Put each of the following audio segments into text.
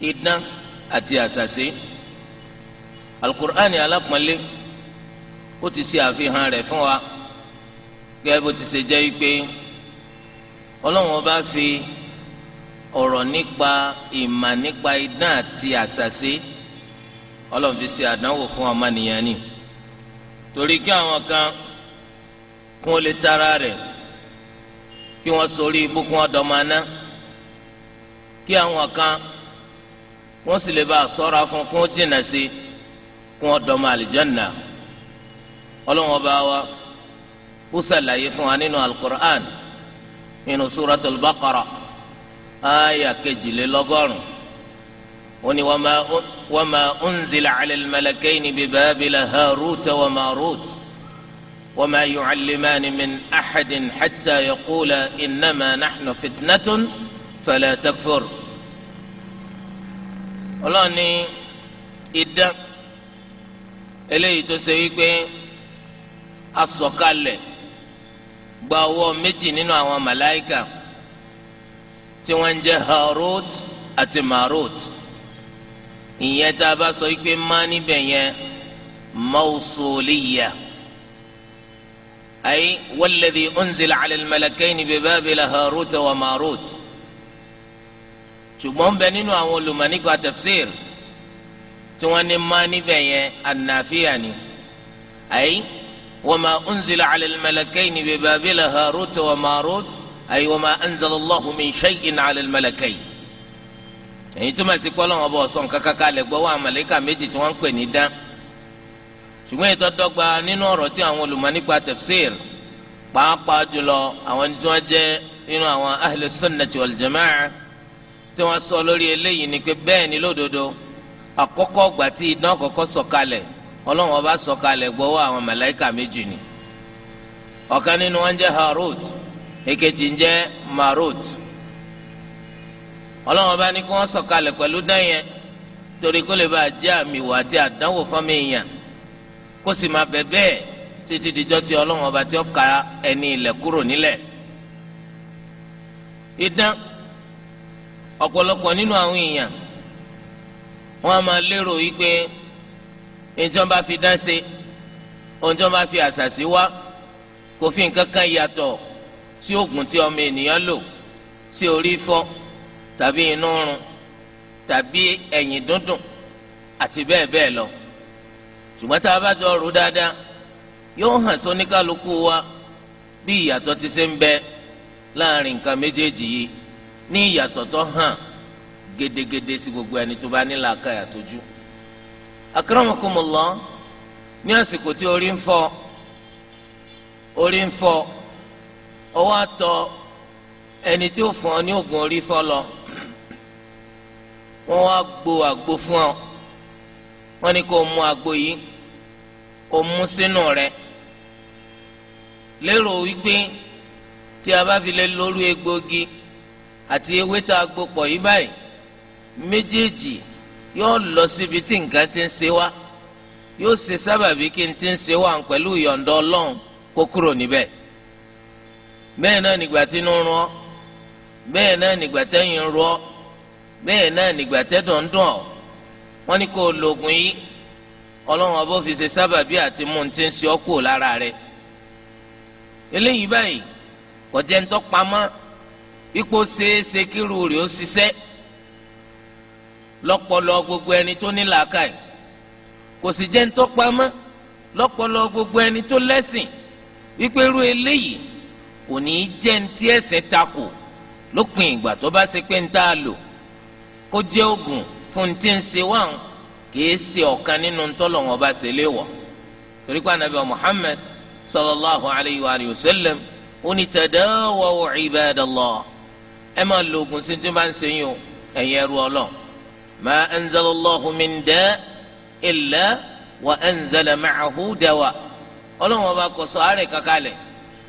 idán àti àṣàṣe alukur'ani alápọ̀nlé ó ti ṣe àfihàn rẹ̀ fún wa gẹ́gẹ́ bó ti ṣe jẹ́ pé ọlọ́run bá fi ọ̀rọ̀ nípa ìmà nípa idán àti àṣàṣe ọlọ́run fi ṣe àdánwò fún ọmọnìyàn ni torí kí àwọn kan kún ó lè tara rẹ̀ kí wọ́n sorí ibú kún ọ̀dọ́ kí àwọn kan. wọ́n sì lè bá a sọ́ra fún kó jìnnà sí kó wọ́n dọ́mọ àlìjánná ọlọ́wọ́n bá wa kú sàlàyé fún wa nínú alukur'an nínú suratul baqara aya kejìlélọ́gọ́rùn oni wama unzila cala almalakayni la haruta wa marut wama yucallimani min axadin xata yaquula inama naxnu fitnatun fala takfur. ọlọ́run ní idán eléyìí tó ṣe wípé asọ̀kalẹ̀ gba ọwọ́ méjì nínú àwọn màláìkà tí wọ́n ń jẹ́ Harut àti Marut ìyẹn tá a bá sọ wípé má níbẹ̀ yẹn mausuliya ayi walladhi unzila ala al-malakayni bi Babila Harut wa Marut ṣùgbọ́n ń bẹ nínú àwọn olùmọ̀ nípa tafsir tí wọ́n ní má níbẹ̀ yẹn ànàfíà ni ayi wama unzila ala al-malakayni bi babila harut wa marut ayi wama anzala allahu min shay'in ala al-malakayni èyí túmọ̀ sí pé Ọlọ́hun bá sọ̀n kákáká lẹ̀ gbọ́ wà màlẹ́kà méjì tí wọ́n ń pè ní dán ṣùgbọ́n ètò dọ́gba tí wọ́n sọ lórí eléyìí ni pé bẹ́ẹ̀ ni lódodo àkọ́kọ́ ọgbà tí iná kọ́kọ́ sọ̀kalẹ̀ ọlọ́run ọba sọ̀kalẹ̀ gbọ́wọ́ àwọn màláìka méjì ni ọ̀kan nínú wọn jẹ́ Harut èkejì ń jẹ́ Marut ọlọ́run ọba ní kí wọ́n sọ̀kalẹ̀ pẹ̀lú dáyẹn torí kó lè bá a jẹ́ àmì ìwà àti àdánwò fọ́nmi èèyàn kó sì máa bẹ̀ bẹ́ẹ̀ títí dijọ́ tí ọlọ́run ọba tí ó ka ẹni ilẹ̀ kúrò nílẹ̀ idán ọ̀pọ̀lọpọ̀ nínú àwọn èèyàn wọ́n á máa lérò wípé ètò wọn bá fi dá ṣe ohun tí wọn bá fi àṣàṣì wá kò fi nǹkan kan yàtọ̀ sí oògùn tí ọmọ ènìyàn lò sí orí fọ́ tàbí inú run tàbí ẹ̀yìn dúndùn àti bẹ́ẹ̀ bẹ́ẹ̀ lọ ṣùgbọ́n tá a bá jọ rò dáadáa yóò hàn sóníkálukú wa bí ìyàtọ̀ ti ṣe ń bẹ láàrin nǹkan méjèèjì yìí ní ìyàtọ̀ tó hàn gedegede sí gbogbo ẹni tó bá ní làákàyà tójú. akramakumullah ní àsìkò tí orí ń fọ́ orí ń fọ́ ọwọ́ àtọ ẹni tí ó fún ọ ní oògùn orí fọ́ lọ wọ́n wá gbo àgbo fún ọ wọ́n ní kó o mu àgbo yìí o mu sínú rẹ̀ lérò wípé tí a bá fi lè lórí egbògi àti ewé tá a gbopọ̀ yìí báyìí méjèèjì yóò lọ síbi tí nǹkan ti ń ṣe wá yóò ṣe sábàbí kí n ti ń ṣe wá pẹ̀lú ìyọ̀ǹda ọlọ́run kó kúrò níbẹ̀ bẹ́ẹ̀ náà nígbà tí inú rún bẹ́ẹ̀ náà nígbà tẹ́yìn ń rún bẹ́ẹ̀ náà nígbà tẹ́dùn dùn ọ́ wọ́n ní kó o lo oògùn ọlọ́run ọba fi ṣe sábàbí àti mú un ti ń ṣe ọ́ kúrò lára rẹ̀ eléyìí báyìí kò ń tọ́ pamọ́ ipò ṣeéṣe kírú rẹ̀ ó ṣiṣẹ́ lọ́pọlọ gbogbo ẹni tó ní làákàyè kò sì jẹ́ ntọ́pamọ́ lọ́pọlọ gbogbo ẹni tó lẹ́sìn wípé irú eléyìí kò ní í jẹ́ ntí ẹ̀sẹ̀ takò lópin ìgbà tó bá ṣe pé ntá lò kó jẹ́ oògùn fún ntí ń ṣe wá kìí ṣe ọ̀kan nínú sallallahu alayhi wa sallam ẹ máa lo oògùn sí tí ó máa ń ṣe yín o ẹ̀yin ẹrú ọlọ́run ma anzalallahu min da' illa wa anzala ma'ahu dawa ọlọ́run ọba kò sọ àárẹ̀ kankalẹ̀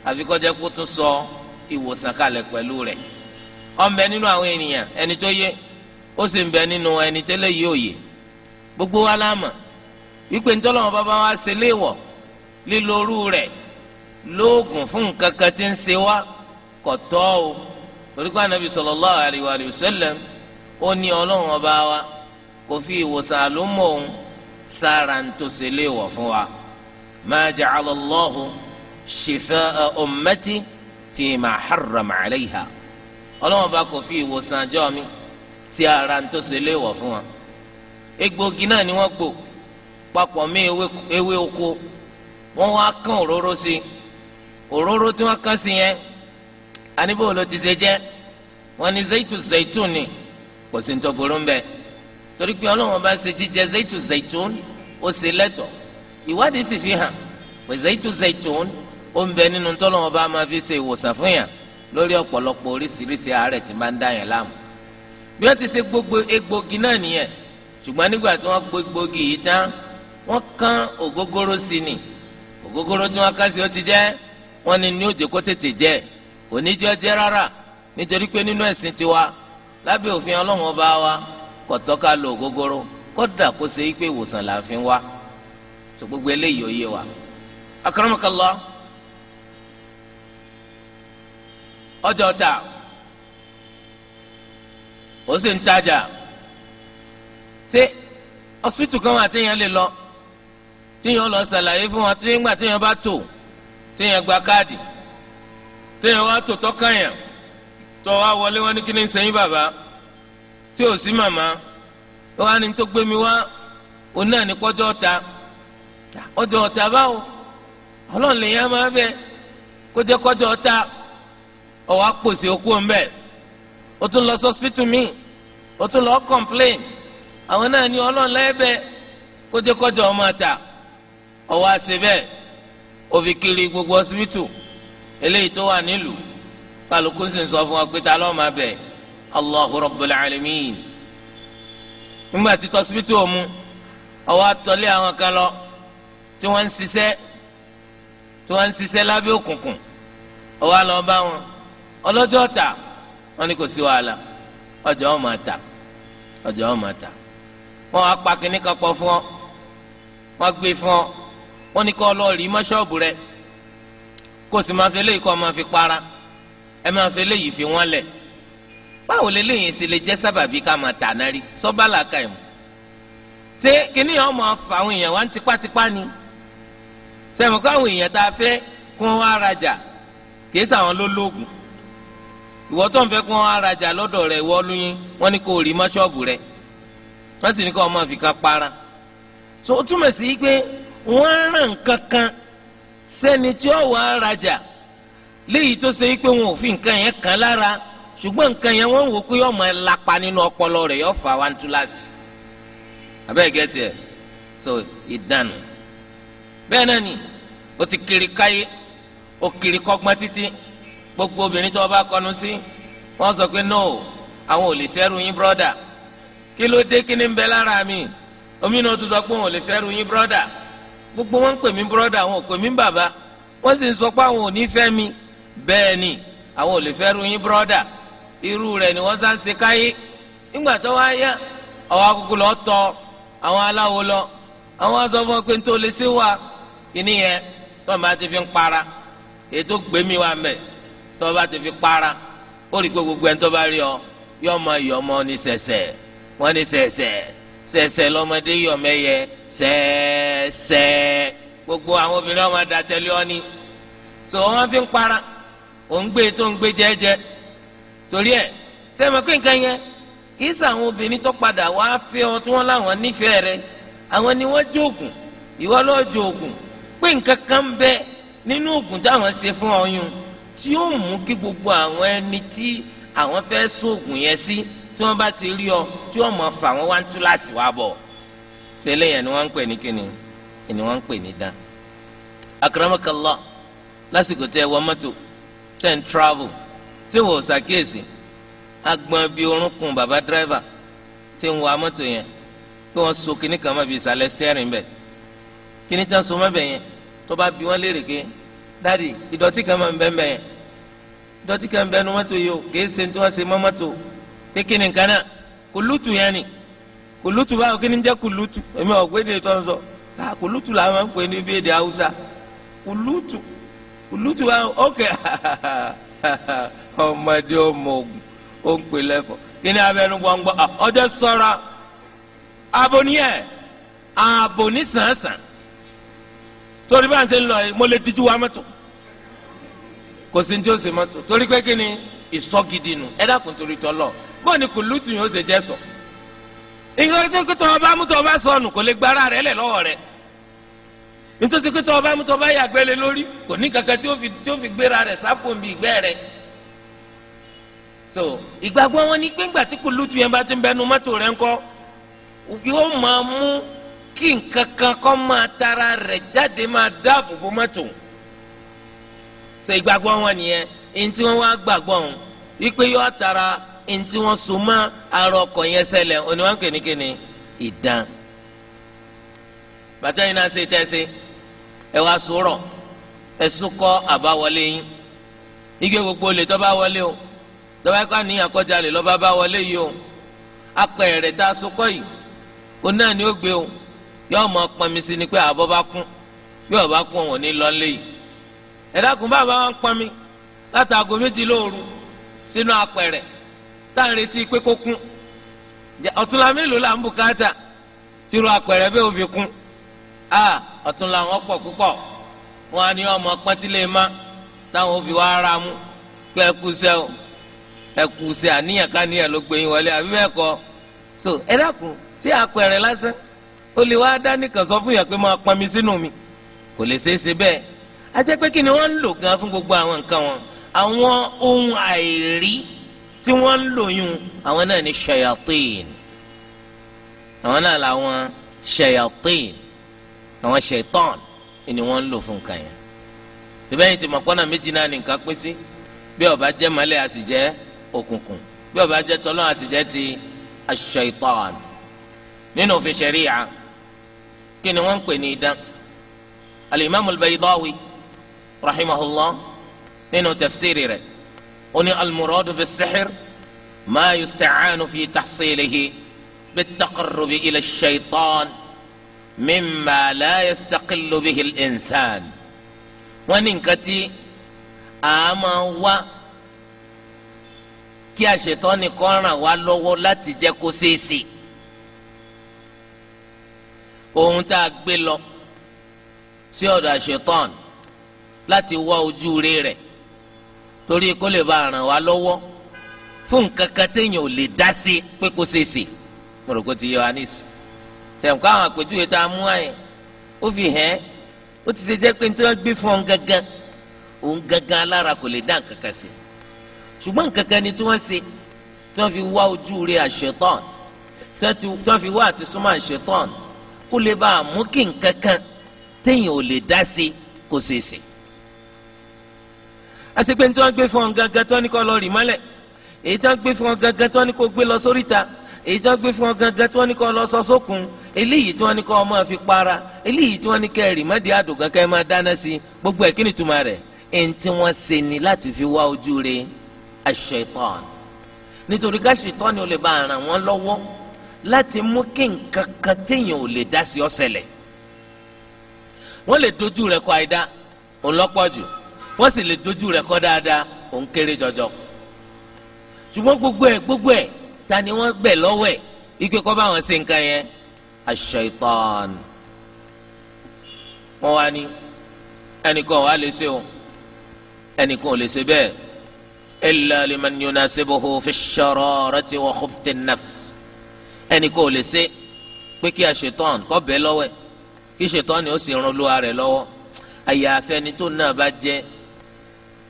àfi kó kó tún sọ ìwòsàn kalẹ̀ pẹ̀lú rẹ̀ ọ̀nbẹ nínú àwọn ènìyàn ẹni tó yé ó sì ń bẹ nínú ẹni tẹ́lẹ̀ yìí òye gbogbo wa láàmà wípé ntọ́lọ́wọ́n bàbá wa ṣe léèwọ̀ lílo orú rẹ̀ lóògùn fún nǹkan kan tí ń ṣe wá kò tọ́ o torí pé anabi sallallahu alayhi wa sallam ó ní ọlọ́run ọba wa kò fi ìwòsàn àlùmọ̀ òun sára ń tó ṣe léèwọ̀ fún wa ma ja'ala Allahu shifaa ummati fima harrama alayha ọlọ́run ọba kò fi ìwòsàn àjọ mi sí ara ń tó fún wa egbògi náà ni wọ́n gbò papọ̀ mí ewé oko wọ́n wá kán òróró sí òróró tí wọ́n kán sí yẹn àníbò ló ti ṣe jẹ́ wọ́n ní zaitu zaitun ni kò sí nítorí burú mbẹ torí pé ọlọ́wọ́n bá ṣe jíjẹ zaitu zaitun ó ṣe lẹ́tọ̀ ìwádìí sì fi hàn pé zaitu zaitun ó ń bẹ nínú tọ́lọ́wọ́n bá máa fi ṣe ìwòsàn fún yàn lórí ọ̀pọ̀lọpọ̀ oríṣiríṣi àárẹ̀ tí máa ń dá yàn láàmú bí wọ́n ti ṣe gbogbo egbògi náà nìyẹn ṣùgbọ́n nígbà tí wọ́n gbó egbògi yìí tán wọ́n kán ògógóró sí ni ògógóró tí wọ́n kán sí ó ti jẹ́ wọ́n ní ní ó tètè jẹ́ ẹ̀ oníjọ́ jẹ rárá nítorí pé nínú ẹ̀sìn tiwa lábẹ́ òfin ọlọ́run ọba wa kò tọ́ lo ògógóró kódà kó ṣe pé ìwòsàn là ń fi wá tó gbogbo eléyìí ó yé wa. akramakallah ọjọ́ ta ó sì ń tajà ṣé hospital kan wà téèyàn lè lọ téèyàn lọ ṣàlàyé fún wa tó gbà téèyàn bá tò téèyàn gba téèyàn wá tòótọ́ káyàn tó wá wọlé wọn ní kí ni sẹ́yìn bàbá tí ò sí màmá ó wá ní tó gbé mi wá òun náà ní kọjọ ọta ọjọ ọ̀tá báwo ọlọ́run lè yẹn máa bẹ kó jẹ́ kọjọ ọta okú mi tún lọ àwọn náà ní ọlọ́run kó jẹ́ ọmọ gbogbo ọsibítù. eléyìí tó wà nílùú kálukú sì ń sọ fún wa pé ta ló máa bẹ̀ Allahu Rabbul Alamin nígbà tí tọ́sibítì òmu ọwọ́ àtọ́lé àwọn kan lọ tí wọ́n ń ṣiṣẹ́ tí wọ́n ń ṣiṣẹ́ lábẹ́ òkùnkùn ọwọ́ àlọ́ bá wọn ọlọ́jọ́ ta wọn ni kò sí wàhálà ọjà wọn máa ta ọjà wọn máa ta wọn wá pa kínní kan pọ̀ fún ọ wọn gbé fún ọ wọn ni kọ́ ọ lọ rí mọ́ṣọ́ọ̀bù rẹ̀ kó o sì máa fi eléyìí kó máa fi para ẹ máa fi eléyìí fi wọ́n lẹ̀ báwo leléyìí sì lè jẹ́ sábàbí ká máa tà náà rí sọ́bàlà ka ẹ̀ mọ́ ṣé kíní yẹn wọ́n fa àwọn èèyàn wá ní tipátipá ni sẹ́mi kó àwọn èèyàn tá a fẹ́ kún wọn arajà kìí sàwọn ló lóògùn ìwọ tó ń fẹ́ kún wọn arajà lọ́dọ̀ rẹ̀ ìwọ lóyún wọ́n ní kó o rí mọ́ ṣọ́ọ̀bù rẹ̀ wọ́n sì ní kó o máa fi kan para so ó túmọ̀ sí pé wọ́n rán nǹkan kan sẹ́ni tí ó wàá rajà léyìí tó ṣe pé wọn ò fi nǹkan yẹn kàn lára ṣùgbọ́n nǹkan yẹn wọ́n ń wò pé ọmọ ẹ lapa nínú ọpọlọ rẹ̀ yọ fà wá ntúláṣì abẹ́ẹ̀gẹ́ tiẹ̀ so ìdánù bẹ́ẹ̀ náà ni o ti kiri káyé ó kiri kọ́gbọ́n títí gbogbo obìnrin tó bá kọnu sí wọ́n sọ pé no àwọn ò lè fẹ́rù yín brọ́dà kí ló dé kí ni ń bẹ lára mi omi náà tún sọ pé òun ò lè fẹ́rù yín brọ́dà gbogbo wọn ń pè mí bọ́rọ́dà àwọn ò pè mí bàbá wọ́n sì ń sọ pé àwọn ò ní fẹ́ mi bẹ́ẹ̀ ni àwọn ò lè fẹ́ irú rẹ̀ ni wọ́n sá ń se káyé nígbà tó yá àwọn akókò lọ tọ àwọn aláwo lọ àwọn fún ọ pé nítorí lè wa mẹ tó bá ti gbogbo ẹni tó bá rí ọ ní Sẹsẹ lọmọdé yọ̀mẹ́yẹ sẹ́ẹ̀sẹ̀ gbogbo àwọn obìnrin ọmọ adatẹ́lẹ́ ọni tó wọ́n fi ń para òun gbé e tó ń gbé jẹ́jẹ́ torí ẹ sẹ́mi pé nǹkan yẹn kì í sàn àwọn obìnrin tó padà wá fẹ́ ọ tí wọn láwọn àwọn ni ìwọ pé nǹkan kan fún ọyún tí mú kí gbogbo àwọn ẹni tí àwọn Si tí wọ́n bá ti rí ọ tí wọ́n mọ̀ fà wọ́n wá ń tú láàsì wá bọ̀ tẹ́lẹ̀ yẹn ni wọ́n ń pè ní kíni ni wọ́n ń pè ní dán. akramakallah lásìkò tẹ́ wọ mọ́tò tẹ́ ń travel tí wọ́n ṣàkíyèsí agbọn bíi orúnkún bàbá dírẹ́fà tí ń wa mọ́tò yẹn kí wọ́n so kíní kan mọ́ bíi ìsàlẹ̀ steering bẹ̀ kíní tán so mọ́ bẹ̀ yẹn tó bá bí wọ́n léèrè ké dáàdi ìdọ̀tí kan máa ń bẹ́ẹ̀ bẹ́ẹ̀ yẹn ìdọ̀tí kan bẹ́ẹ̀ nu mọ́tò yìí o kì í ṣe tí wọ́n ṣe mọ́ mọ́tò pé kí ni kùlùtù yẹn ni kùlùtù báwo kí ni jẹ́ kùlùtù èmi ọ̀gbẹ́ èdè tó ń ká kùlùtù la máa ń pè ní ibi èdè haúsá kùlùtù kùlùtù báwo ókè ọmọdé ọmọ ogun ó ń pè lẹ́fọ̀ kí ni abẹnú gbọ̀ngbọ̀ ọjọ́ sọ́ra aboniyẹ aboni sànsàn torí bá ń ṣe lọ yìí mo lè díjú wa mọ́tò kò sí ní tí ó ṣe mọ́tò torí pé kí ni ìsọ́gidi nù ẹ dákun torí bóun ni kùlùtù yóò ṣe jẹ́ sọ. nǹkan tó kí tọ́ ọba mú tọ́ ọba sọnù kò lè gbára rẹ̀ lẹ̀ lọ́wọ́ rẹ̀ nítorí pé tọ́ ọba mú tọ́ ọba yàgbẹ́ lé lórí kò ní kankan tí ó fi gbéra rẹ̀ sápò ìgbẹ́ rẹ̀. so ìgbàgbọ́ wọn ni pé ńgbà tí kùlùtù yẹn bá ti ń bẹnu mọ́tò rẹ̀ ńkọ́ yóò máa mú kí nǹkan kan kọ́ máa tara rẹ̀ jáde máa dáàbò mọ́tò so ìgbàgbọ́ wọn nìyẹn èyí tí wọ́n ntí wọ́n so mọ́ ara ọkọ̀ yẹn ṣẹlẹ̀ òní wọ́n kìnnìkìnnì ìdán bàtà yìí náà ṣe tẹ́sí ẹ wá sọ̀rọ̀ ẹ súnkọ́ àbáwọlé yín igi gbogbo lè tọ́ bá wọlé o tọ́ bá kọ́ àníyàn kọjá lè lọ́ba bá wọlé yìí o apẹ̀rẹ̀ tá a súnkọ́ yìí o náà ni ó gbé o yóò mọ pọnmi sí ni pé àbọ̀ bá kún bí ọba kún òun ní lọ́lé yìí ẹ̀dá kún bàbá wọn pọnmi látàgò méjì lóru sínú apẹ̀rẹ̀ tá à ń retí pé kó kún ọ̀túnla mélòó là ń bùkátà tìrú àpẹẹrẹ bẹ́ẹ̀ ò fi kún a ọ̀túnla wọn pọ̀ púpọ̀ wọn á ní ọmọ pọ́ntílé má táwọn ò fi wá ara mú pé ẹ kú o ẹ kú àníyàn ká níyàn ló gbé wọlé àbí bẹ́ẹ̀ kọ́ so ẹ dákun tí àpẹẹrẹ lásán ó lè wá dánìkan sọ fún yàn pé máa pọnmi sínú mi kò lè ṣeé ṣe bẹ́ẹ̀ a pé kí ni wọ́n ń lò gan fún gbogbo àwọn nǹkan wọn àwọn ohun àìrí tí wọ́n ń lòyún àwọn náà ní shayatin àwọn náà làwọn shayatin àwọn shaitan ni wọ́n ń lò fún nǹkan yẹn tìbẹ́yìn tí mọ̀kànnà méjì náà ní nǹkan pín sí bí ó bá jẹ́ mọ́lẹ̀ àsì òkùnkùn bí ó jẹ́ tọ́lọ́ àsì ti ash nínú òfin ṣẹ̀ríyà kí ni wọ́n ń pè ní idán al-imam al nínú tafsiri rẹ̀ oni almuradu bi sixir maa yustacaanu fi taxsiilihi bitaqarubi ila shaytaan mima laa yastaqilu bihi linsaan wọn ní nǹkan tí a máa wá kí àṣetán nìkan ràn wá lọ́wọ́ láti ohun tá a gbé lọ sí ọ̀dọ̀ àṣetán láti wá ojú torí kó lè bá ràn wá lọ́wọ́ fún nǹkan kan téèyàn ò lè dá sí pé kó ṣe é ṣe mo rò pé ti yọ anis sẹ̀ǹkọ́ àwọn àpèjúwe tá a mú àyẹ̀ ó fi hẹ́n ó ti ṣe jẹ́ pé nítorí wọ́n gbé fún ọ gangan òun gangan alára kò lè dá nǹkan kan sí ṣùgbọ́n nǹkan kan ni tí wọ́n ṣe tí wọ́n fi wá ojú rẹ̀ àṣetán tí wọ́n fi wá àti súnmọ́ àṣetán kó lè bá a kí nǹkan kan téèyàn ò lè dá sí kó ṣe ṣe àṣepé tí wọ́n gbé fún ọ gangan tí wọ́n ní kó lọ rì mọ́lẹ̀ èyí tí wọ́n gbé fún ọ gangan tí wọ́n ní kó gbé lọ sóríta èyí tí wọ́n gbé fún ọ gangan tí wọ́n ní kó lọ sọ sókun eléyìí tí wọ́n ní kó ọmọ fi para eléyìí tí wọ́n ní kẹ́ rì mọ́dí àdògán kẹ́ máa dáná sí i gbogbo ẹ̀ kí ni tuma rẹ̀ ẹni tí wọ́n ṣe ni láti fi wá ojú re àṣetán nítorí ká ṣetán ni ó lè bá ara wọn lọ́wọ́ láti mú kí nǹkan téèyàn ò lè dá sí ó ṣẹlẹ̀ lè dojú rẹ̀ kọ àìdá òun lọ́pọ̀ jù wọ́n sì lè dojú rẹ̀ kọ́ dáadáa òun kéré jọjọ. ṣùgbọ́n gbogbo ẹ̀ gbogbo ẹ̀ ta ni wọ́n bẹ̀ lọ́wọ́ ẹ̀ ikú kọ́ bá wọn ṣe nǹkan yẹn aṣ-ṣaitan. wọ́n wá ní ẹnìkan wàá lè ṣe o ẹnìkan ò lè ṣe bẹ́ẹ̀ illa liman yunasibuhu fi shararati wa khubthi nafs ẹnìkan ò lè ṣe pé kí aṣ kọ́ bẹ̀ lọ́wọ́ ẹ̀ kí aṣ ni ó sì rún olúwa rẹ̀ lọ́wọ́ àyàfẹ́ni tó náà bá jẹ́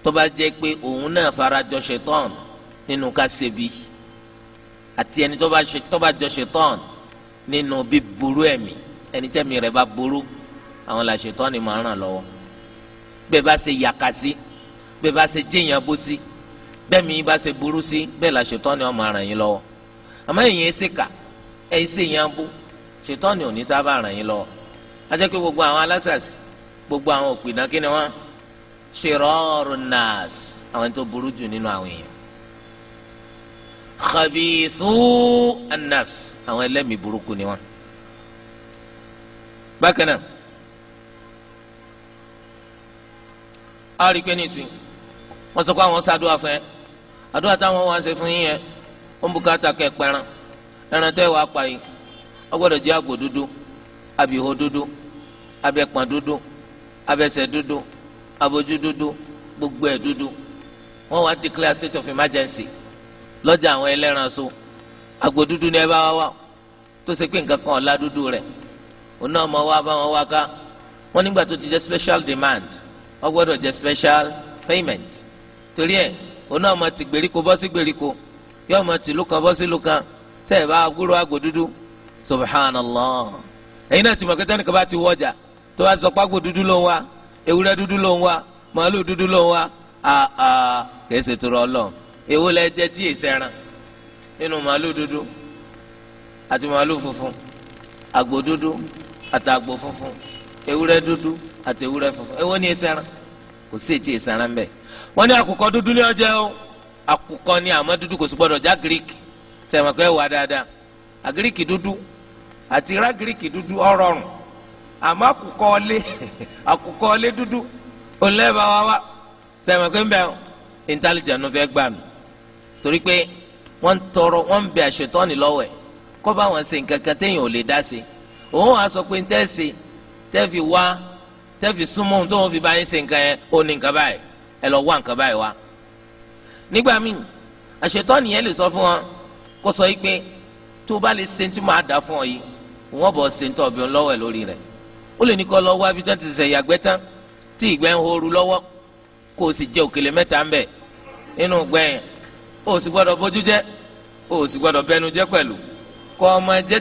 tó bá jẹ́ pé òun náà farajọ ṣetán nínú ká ṣebi àti ẹni tó bá jọ ṣetán nínú bíburú ẹ̀mí ẹni tẹ́mi rẹ̀ bá burú àwọn là ṣetán ni máa ràn lọ́wọ́ bẹ́ẹ̀ bá ṣe yàkà sí bẹ́ẹ̀ bá ṣe jẹ́yàn bó sí bẹ́ẹ̀ mi bá ṣe burú sí bẹ́ẹ̀ là ṣetán ni ó máa ràn yín lọ́wọ́ àmọ́ èyàn ẹsẹ̀ kà ẹsẹ̀ yẹn bó ṣetán ni ò ní sábà ràn yín lọ́wọ́ ajẹ́ pé gbogbo àwọn alásàsì gbogbo àwọn òpìdán kí ni wọ́n á shirarun nas àwọn tó burú jù nínú àwọn èèyàn khabithu an-nafs àwọn ẹlẹ́mìí burúkú ni wọ́n. bákan náà a rí i pé nísìnyí wọ́n sọ pé àwọn ṣàdúrà fún ẹ àdúrà táwọn wá ṣe fún yín yẹn ó ń bùkátà kẹ́ pẹran ẹran tẹ́ wàá pa yìí ó gbọ́dọ̀ jẹ́ àgbò dúdú abìhó dúdú abẹ́pọ̀n dúdú abẹ́sẹ̀ dúdú abojú dúdú gbogbo ẹ̀ dúdú wọ́n wá declare state of emergency lọ́jà àwọn ẹlẹ́ran so àgbò dúdú ni ẹ bá wá wá tó ṣe pé nǹkan kan ọ̀la dúdú rẹ̀ òun náà mọ̀ wá bá wọn wá ká wọ́n nígbà tó ti jẹ́ special demand wọ́n gbọ́dọ̀ jẹ́ special payment torí ẹ̀ òun náà mọ̀ ti gbèríko bọ́ sí gbèríko yóò mọ̀ tìlú kan bọ́ sílùú kan tẹ́ ẹ̀ bá gbúrò àgbò subhanallah ẹ̀yin náà ti mọ̀ kẹ́tẹ́nìkan bá ti wọ́jà tó bá sọ pé àgbò ló ń wá ewúrẹ́ dúdú ló ń wá màálù dúdú ló ń wá àà kìí ṣe tó rọ Ọlọ́run èwo lẹ jẹ tí èsì ẹran nínú màálù dúdú àti màálù funfun àgbò dúdú àti àgbò funfun ewúrẹ́ dúdú àti ewúrẹ́ funfun èwo ni èsì ẹran kò sí ètí èsì ẹran bẹ́ẹ̀ wọ́n ní àkùkọ dúdú ní ọjọ́ o àkùkọ ni àmọ́ dúdú kò sí gbọ́dọ̀ já gíríkì tẹ̀wọ̀n kẹ́ wà dáadáa àgíríkì dúdú àti rá gíríkì dúdú ọ̀rọ̀rùn àmọ́ àkùkọ ọlé àkùkọ ọlé dúdú ònlẹ́bà wa wá sẹ́mi pé ń bẹ̀ intelligent ló fẹ́ gbà nù torí pé wọ́n ń tọrọ wọ́n ń bẹ àṣetọ́ni lọ́wọ́ ẹ̀ kọ́ bá wọn ṣe nǹkan kan téèyàn ò lè dá sí òun wàá sọ pé ń tẹ́ ṣe tẹ́ fi wá tẹ́ fi súnmọ́ ohun tó wọ́n fi bá yín ṣe nǹkan yẹn ó ní nǹkan báyìí ẹ lọ wá nǹkan báyìí wá. nígbà míì àṣetọ́ni yẹn lè sọ fún wọn kó sọ yìí pé tó bá lè ṣe tí máa dá fún ọ yìí wọ́n bọ̀ ṣe ń tọ́ ọ̀bí lọ́wọ́ lórí rẹ̀ ó lè ní kó lọ wá bí tán ti sẹ̀ yàgbẹ́ tán tí ìgbẹ́ ń horu lọ́wọ́ kó o sì jẹ òkèlè mẹ́ta ń bẹ̀ nínú gbẹ̀yìn o sì gbọ́dọ̀ bójú jẹ́ o sì gbọ́dọ̀ bẹnu jẹ́ pẹ̀lú kó ọmọ jẹ́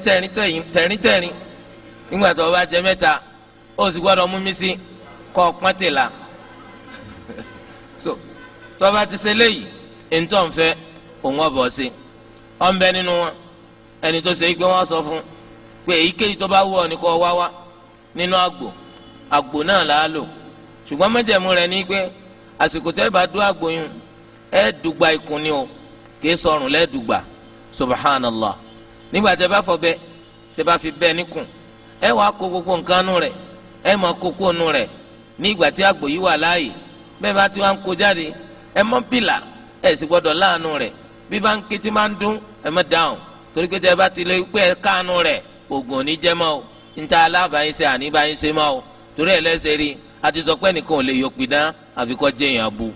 tẹ̀ríntẹ̀rín nígbà tó o bá jẹ mẹ́ta o sì gbọ́dọ̀ mú mi sí kó o pọ́n tèlà so tó o bá ti ṣe léyìí ètò ọ̀nfẹ́ òun ọ̀bọ̀ sí ọ̀nbẹ nínú wọn ẹni tó ṣe é pé wọ́n sọ fún pé èyíkéyìí tó bá wù ọ́ ni kó o wá wá nínú àgbò àgbò náà là á lò ṣùgbọ́n mẹ́jẹ̀mú rẹ̀ ni pé àsìkò tẹ́ bá dú àgbò yín ẹ dùgbà ikùn ni o kì í sọrùn lẹ́ẹ̀dùgbà subhanallah nígbà tẹ́ bá fọ̀bẹ tẹ́ bá fi bẹ́ẹ̀ níkùn ẹ wàá kó gbogbo nǹkan nù rẹ̀ ẹ mọ kókó nù rẹ̀ nígbà tí àgbò yìí wà láàyè bẹ́ẹ̀ bá ti wá ń kó jáde ẹ mọ́ pìlà ẹ sì gbọ́dọ̀ láàánú rẹ̀ bí bá ń ké tí máa ń dún ẹ mọ́ dáhùn torí pé tẹ́ bá ti lè pé ẹ káàánú rẹ̀ ògùn ò ní jẹ́ mọ́ o níta alábàáyíṣe àníbàáyíṣe máa o torí ẹ lẹ́sẹ̀ rí a ti sọ pé nìkan ò lè yọ pidán àfi kọ́ jẹ́ èèyàn bu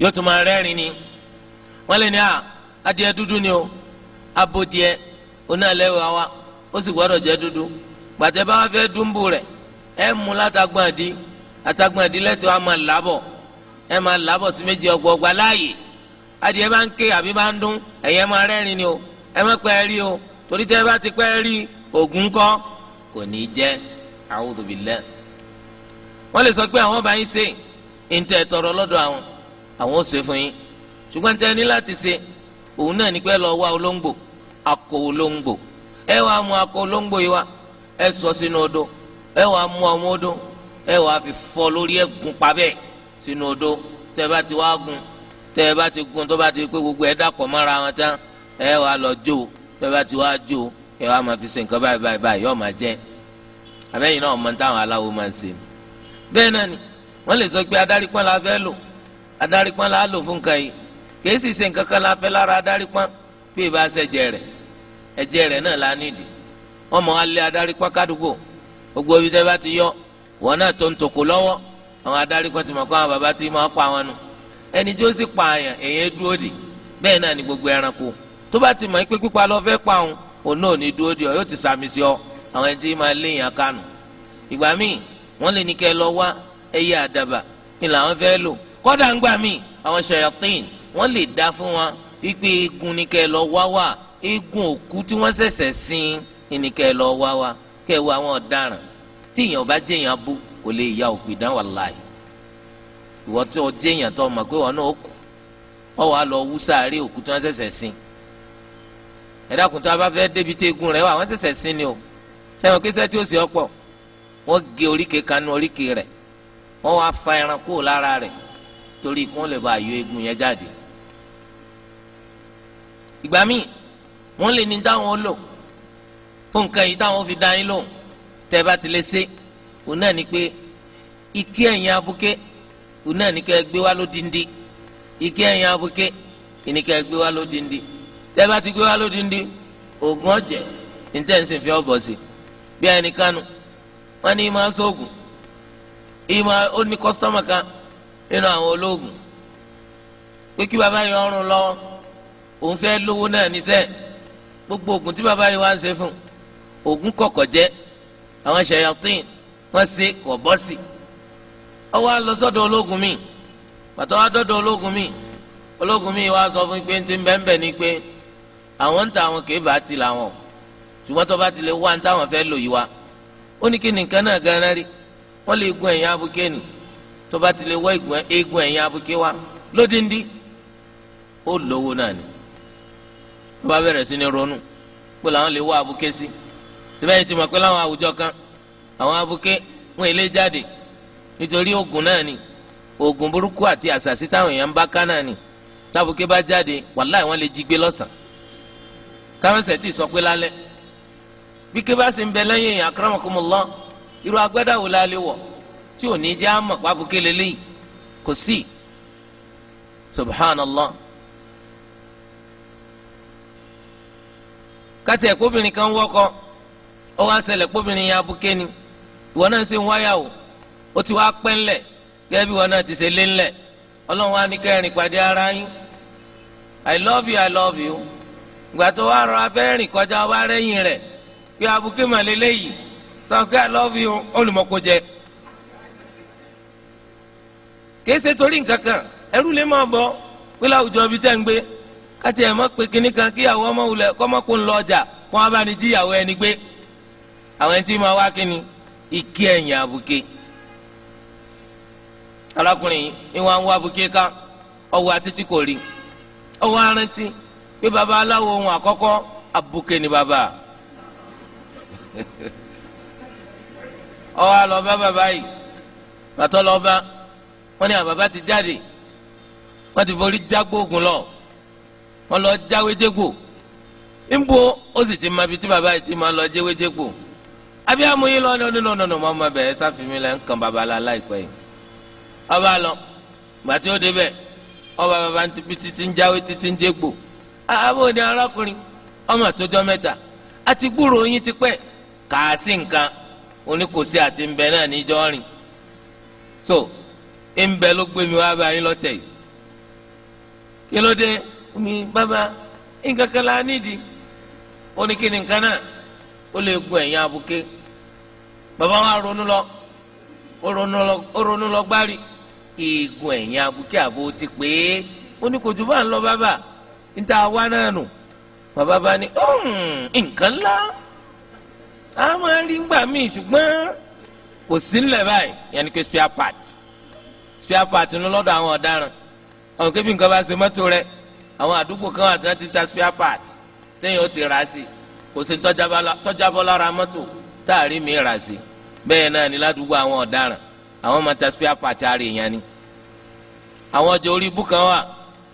yóò tún máa rẹ́rìn ni wọ́n lè ní à adìẹ dúdú ni o abodìẹ onáàlẹ́wọ̀ wa ó sì gbọ́dọ̀ jẹ́ dúdú gbàtẹ́ bá wọn fẹ́ dúnbù rẹ̀ ẹ mú látàgbọ̀n àdí àtàgbọ̀n àdí lẹ́tọ̀ á máa làbọ̀ ẹ máa làbọ̀ sí méjì ọgbọọgba láàyè adìẹ bá ń ké àbí bá ń dún ẹ̀yẹ máa rẹ́rìn ni o ẹ má pẹ́ rí o torí tẹ́ bá ti pẹ́ rí i ogun kọ́ kò ní jẹ́ a'udhu billah wọ́n lè sọ pé àwọn bá yín ṣe ń tẹ́ tọrọ lọ́dọ̀ àwọn àwọn ò ṣe fún yín ṣùgbọ́n tẹ́ ní láti ṣe òun náà ní pé lọ wá olóńgbò akọ olóńgbò ẹ wá mú akọ olóńgbò yìí wá ẹ sọ sínú odó ẹ wá mú ọmọ odó ẹ wá fi fọ́ lórí ẹ gún sínú odó tẹ́ bá ti wá gún tẹ́ bá ti gún tó bá ti pé gbogbo ẹ dàpọ̀ mọ́ra wọn tán ẹ wá lọ jó tẹ́ bá ti wá jó yọ wá máa fi se nǹkan báyìí báyìí báyìí yọ máa jẹ abẹ́yìn náà ọmọ táwọn aláwo máa ń ṣe ni. bẹ́ẹ̀ náà ni wọ́n lè sọ pé adarí la fẹ́ lò adarí la lò fún nǹkan yìí kì í la fẹ́ lára adarí pọ́n bí ìbá rẹ̀ rẹ̀ náà la nídìí wọ́n alẹ́ kádùgbò yọ wọ́n náà tó lọ́wọ́ àwọn ti mọ̀ kó àwọn bàbá ti ẹni sì pààyàn èèyàn dúró bẹ́ẹ̀ náà ni ono náà ní dúró di ọ yóò ti sàmì sí ọ àwọn ẹni tí máa léyìn akánu ìgbà míì wọ́n lè ní kẹ́ lọ wá ẹyẹ àdàbà ni làwọn fẹ́ lò kódà ń gbà míì àwọn ṣayatin wọ́n lè dá fún wọn wípé eégún ní kẹ́ lọ wá wá eégún òkú tí wọ́n ṣẹ̀ṣẹ̀ sin ní kẹ́ lọ wá wá kẹ́ wo àwọn ọ̀daràn tí èèyàn bá jẹ́yàn bú kò lè ya òpìdán wàláhì ìwọ tó jẹ́yàn tó mọ̀ pé wọn náà kù ọ wàá lọ wú sáré òkú tí wọ́n ṣẹ̀ṣẹ̀ sin ẹ̀dá kùn tó a bá fẹ́ débi tó egun rẹ̀ wà wọ́n ṣẹ̀ṣẹ̀ sin ni o sẹ́wọ̀n kí sẹ́tí ó sì ọ̀pọ̀ wọ́n gé oríkèé kanú oríkèé rẹ̀ wọ́n wá fa ẹran kúrò lára rẹ̀ torí kí wọ́n lè bá yọ egun yẹn jáde. ìgbà míì wọ́n lè ní dáwọn lò fún nǹkan yìí táwọn fi dá yín lò tẹ́ bá ti lè ṣe òun náà ni pé ike ẹ̀yìn abuké òun náà ni kẹ́ gbé wá ló dindi ike ẹ̀yìn abuké ìníkẹ́ gbé wá ló dindi. tẹ́ ti gbé wá lódìndín oògùn ọ̀jẹ̀ intensive fi ọ̀bọ̀ sí bí ẹni kánú wọn ní ìmọ̀ aṣọ́gun ìmọ̀ ó ní nínú àwọn ológun pé kí bàbá yìí ọrùn lọ́wọ́ òun fẹ́ lówó náà níṣẹ́ gbogbo oògùn tí bàbá yìí wá ń ṣe fún oògùn kọ̀kọ̀ jẹ́ àwọn ṣẹ̀yàtìn wọ́n ṣe kọ̀ bọ́ sí ọwọ́ lọ sọ́dọ̀ mi pàtó wá dọ́dọ̀ àwọn ń ta àwọn kì í bá ti làwọn ṣùgbọ́n tó bá ti lè wá ń táwọn fẹ́ lò yìí wa ó ní kí nìkan náà gan-an rí wọ́n lè gun ẹ̀yìn abuké nì tó bá ti lè wọ́ egun ẹ̀yìn abuké wa lódìndí ó lówó náà ni wọ́n bá bẹ̀rẹ̀ sí ní ronú pé làwọn lè wọ́ abuké sí tìbẹ́yìn ti mọ̀ pé láwọn àwùjọ kan àwọn abuké wọn èlé jáde nítorí oògùn náà ni oògùn burúkú àti àṣàṣì táwọn èèyàn ń bá ká náà ni tábùké bá jáde wàláì wọn lè jí gbé lọ́sàn-án kámẹ́sẹ̀ tí sọ pé lálẹ́ bí ké bá sì ń bẹ lẹ́yìn èèyàn akramakumullah irú agbádá wo la lè wọ̀ tí ò ní já mọ̀ pàbùkẹ́ lélẹ́yìn kò sí subhanallah. kátì ẹ̀ kan wọ́kọ́ ó wá ṣẹlẹ̀ kóbìnrin yẹn ni ìwọ náà ń wáyà o ó ti wá pẹ́ ńlẹ̀ gẹ́gẹ́ bí ìwọ náà ti ṣe lé ńlẹ̀ ọlọ́run ara yín i love you i love you. ìgbà tó wá rọra fẹ́ rìn kọjá wá rẹ́yìn rẹ̀ pé abuké màlélẹ́ yìí sanfẹ́ àlọ́ọ̀fì olùmọ̀kọ́jẹ́ kìí torí nǹkan ẹrú lè máa bọ̀ pé láwùjọ ibi tẹ́ ń gbé káti ẹ̀ mọ́ pé kinní kan ọmọ wulẹ̀ ń lọ ọjà kó wọn bá ẹni gbé àwọn ẹni tí máa wá kíni ìkí ẹ̀yìn abuké alákùnrin yìí ni wọ́n á ń ọwọ́ pé baba aláwo ohun àkọ́kọ́ abuké ni baba ọwọ́ àlọ́ bá baba yìí bàtọ́ lọ bá wọ́n ní àbàbá ti jáde wọ́n ti forí jágbóògùn lọ wọ́n lọ jáwéjégbò nbọ ó sì ti ma bi tí baba yìí ti ma lọ jáwéjégbò àbí amúyín lọ ní nínú mọ́ ọmọ bẹ̀rẹ̀ sáfìmí lẹ́ ń kan baba la láìpẹ́ yìí ọba lọ gbàtí ó débẹ̀ ọba baba ti bi títí ń jáwé títí ń jégbò. àbò ni arákùnrin ọmọ àtọjọ a àti gbúròó yín ti ka kàá sí nǹkan oníkòsí àti ńbẹ náà níjọ rìn so ńbẹ ló gbé mi wá bá yín lọ́tẹ̀ yìí kí ló dé mi bàbá nǹkan la nídìí ó baba nǹkan náà ó lè gun ẹ̀yìn abuké bàbá wa ronú ti pé níta wá náà nù bàbá bá ní nǹkan ńlá a máa rí ngbà míì ṣùgbọ́n kò sí nílẹ̀ báyìí yẹn ni pé spare part spare part ní lọ́dọ̀ àwọn ọ̀daràn àwọn kébì nǹkan bá ṣe mọ́tò rẹ àwọn àdúgbò kan àti wọn ti ta spare part téèyàn ó ti rà á sí kò sí tọ́jábọ́ lára mọ́tò tá a rí mi rà sí bẹ́ẹ̀ náà ni ládùúgbò àwọn ọ̀daràn àwọn máa ta spare part àárẹ̀ yẹn ni àwọn ọjà orí ibú kan wà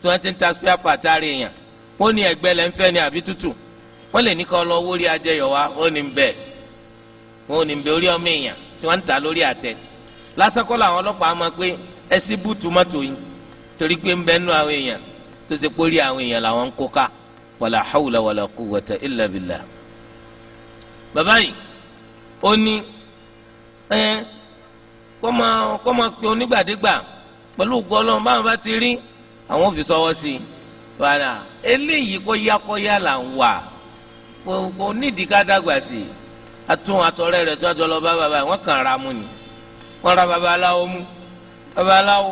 tí wọ́n ti ń ta spare part ara èèyàn wọ́n ní ẹ̀gbẹ́ lẹ́ ń fẹ́ ni àbí tútù wọ́n lè ní kọ́ lọ owó rí ajẹyọ̀ wa ó ní bẹ́ẹ̀ wọ́n ní bẹ́ẹ̀ orí ọmọ èèyàn tí wọ́n ń ta lórí àtẹ lásán kọ́ làwọn ọlọ́pàá máa pé ẹ sí búùtù mọ́tò yìí torí pé ń bẹ́ẹ̀ nú àwọn èèyàn tó ṣe pórí àwọn èèyàn làwọn ń kó ká wàlà hawla wàlà quwwata illa billah. bàbá yìí ó ní ẹ kọ́ máa onígbàdégbà pẹ̀lú ògùn báwọn bá ti rí àwọn òfin sọwọ́ sí i wàhálà eléyìí kọ́ yakọ́yà là ń wà kò nídìí ká dàgbà sí i atún àtọ̀rẹ́ rẹ̀ tó àjọ lọ bá bàbá wọn kàn ra mú ni wọn ra babaláwo mú babaláwo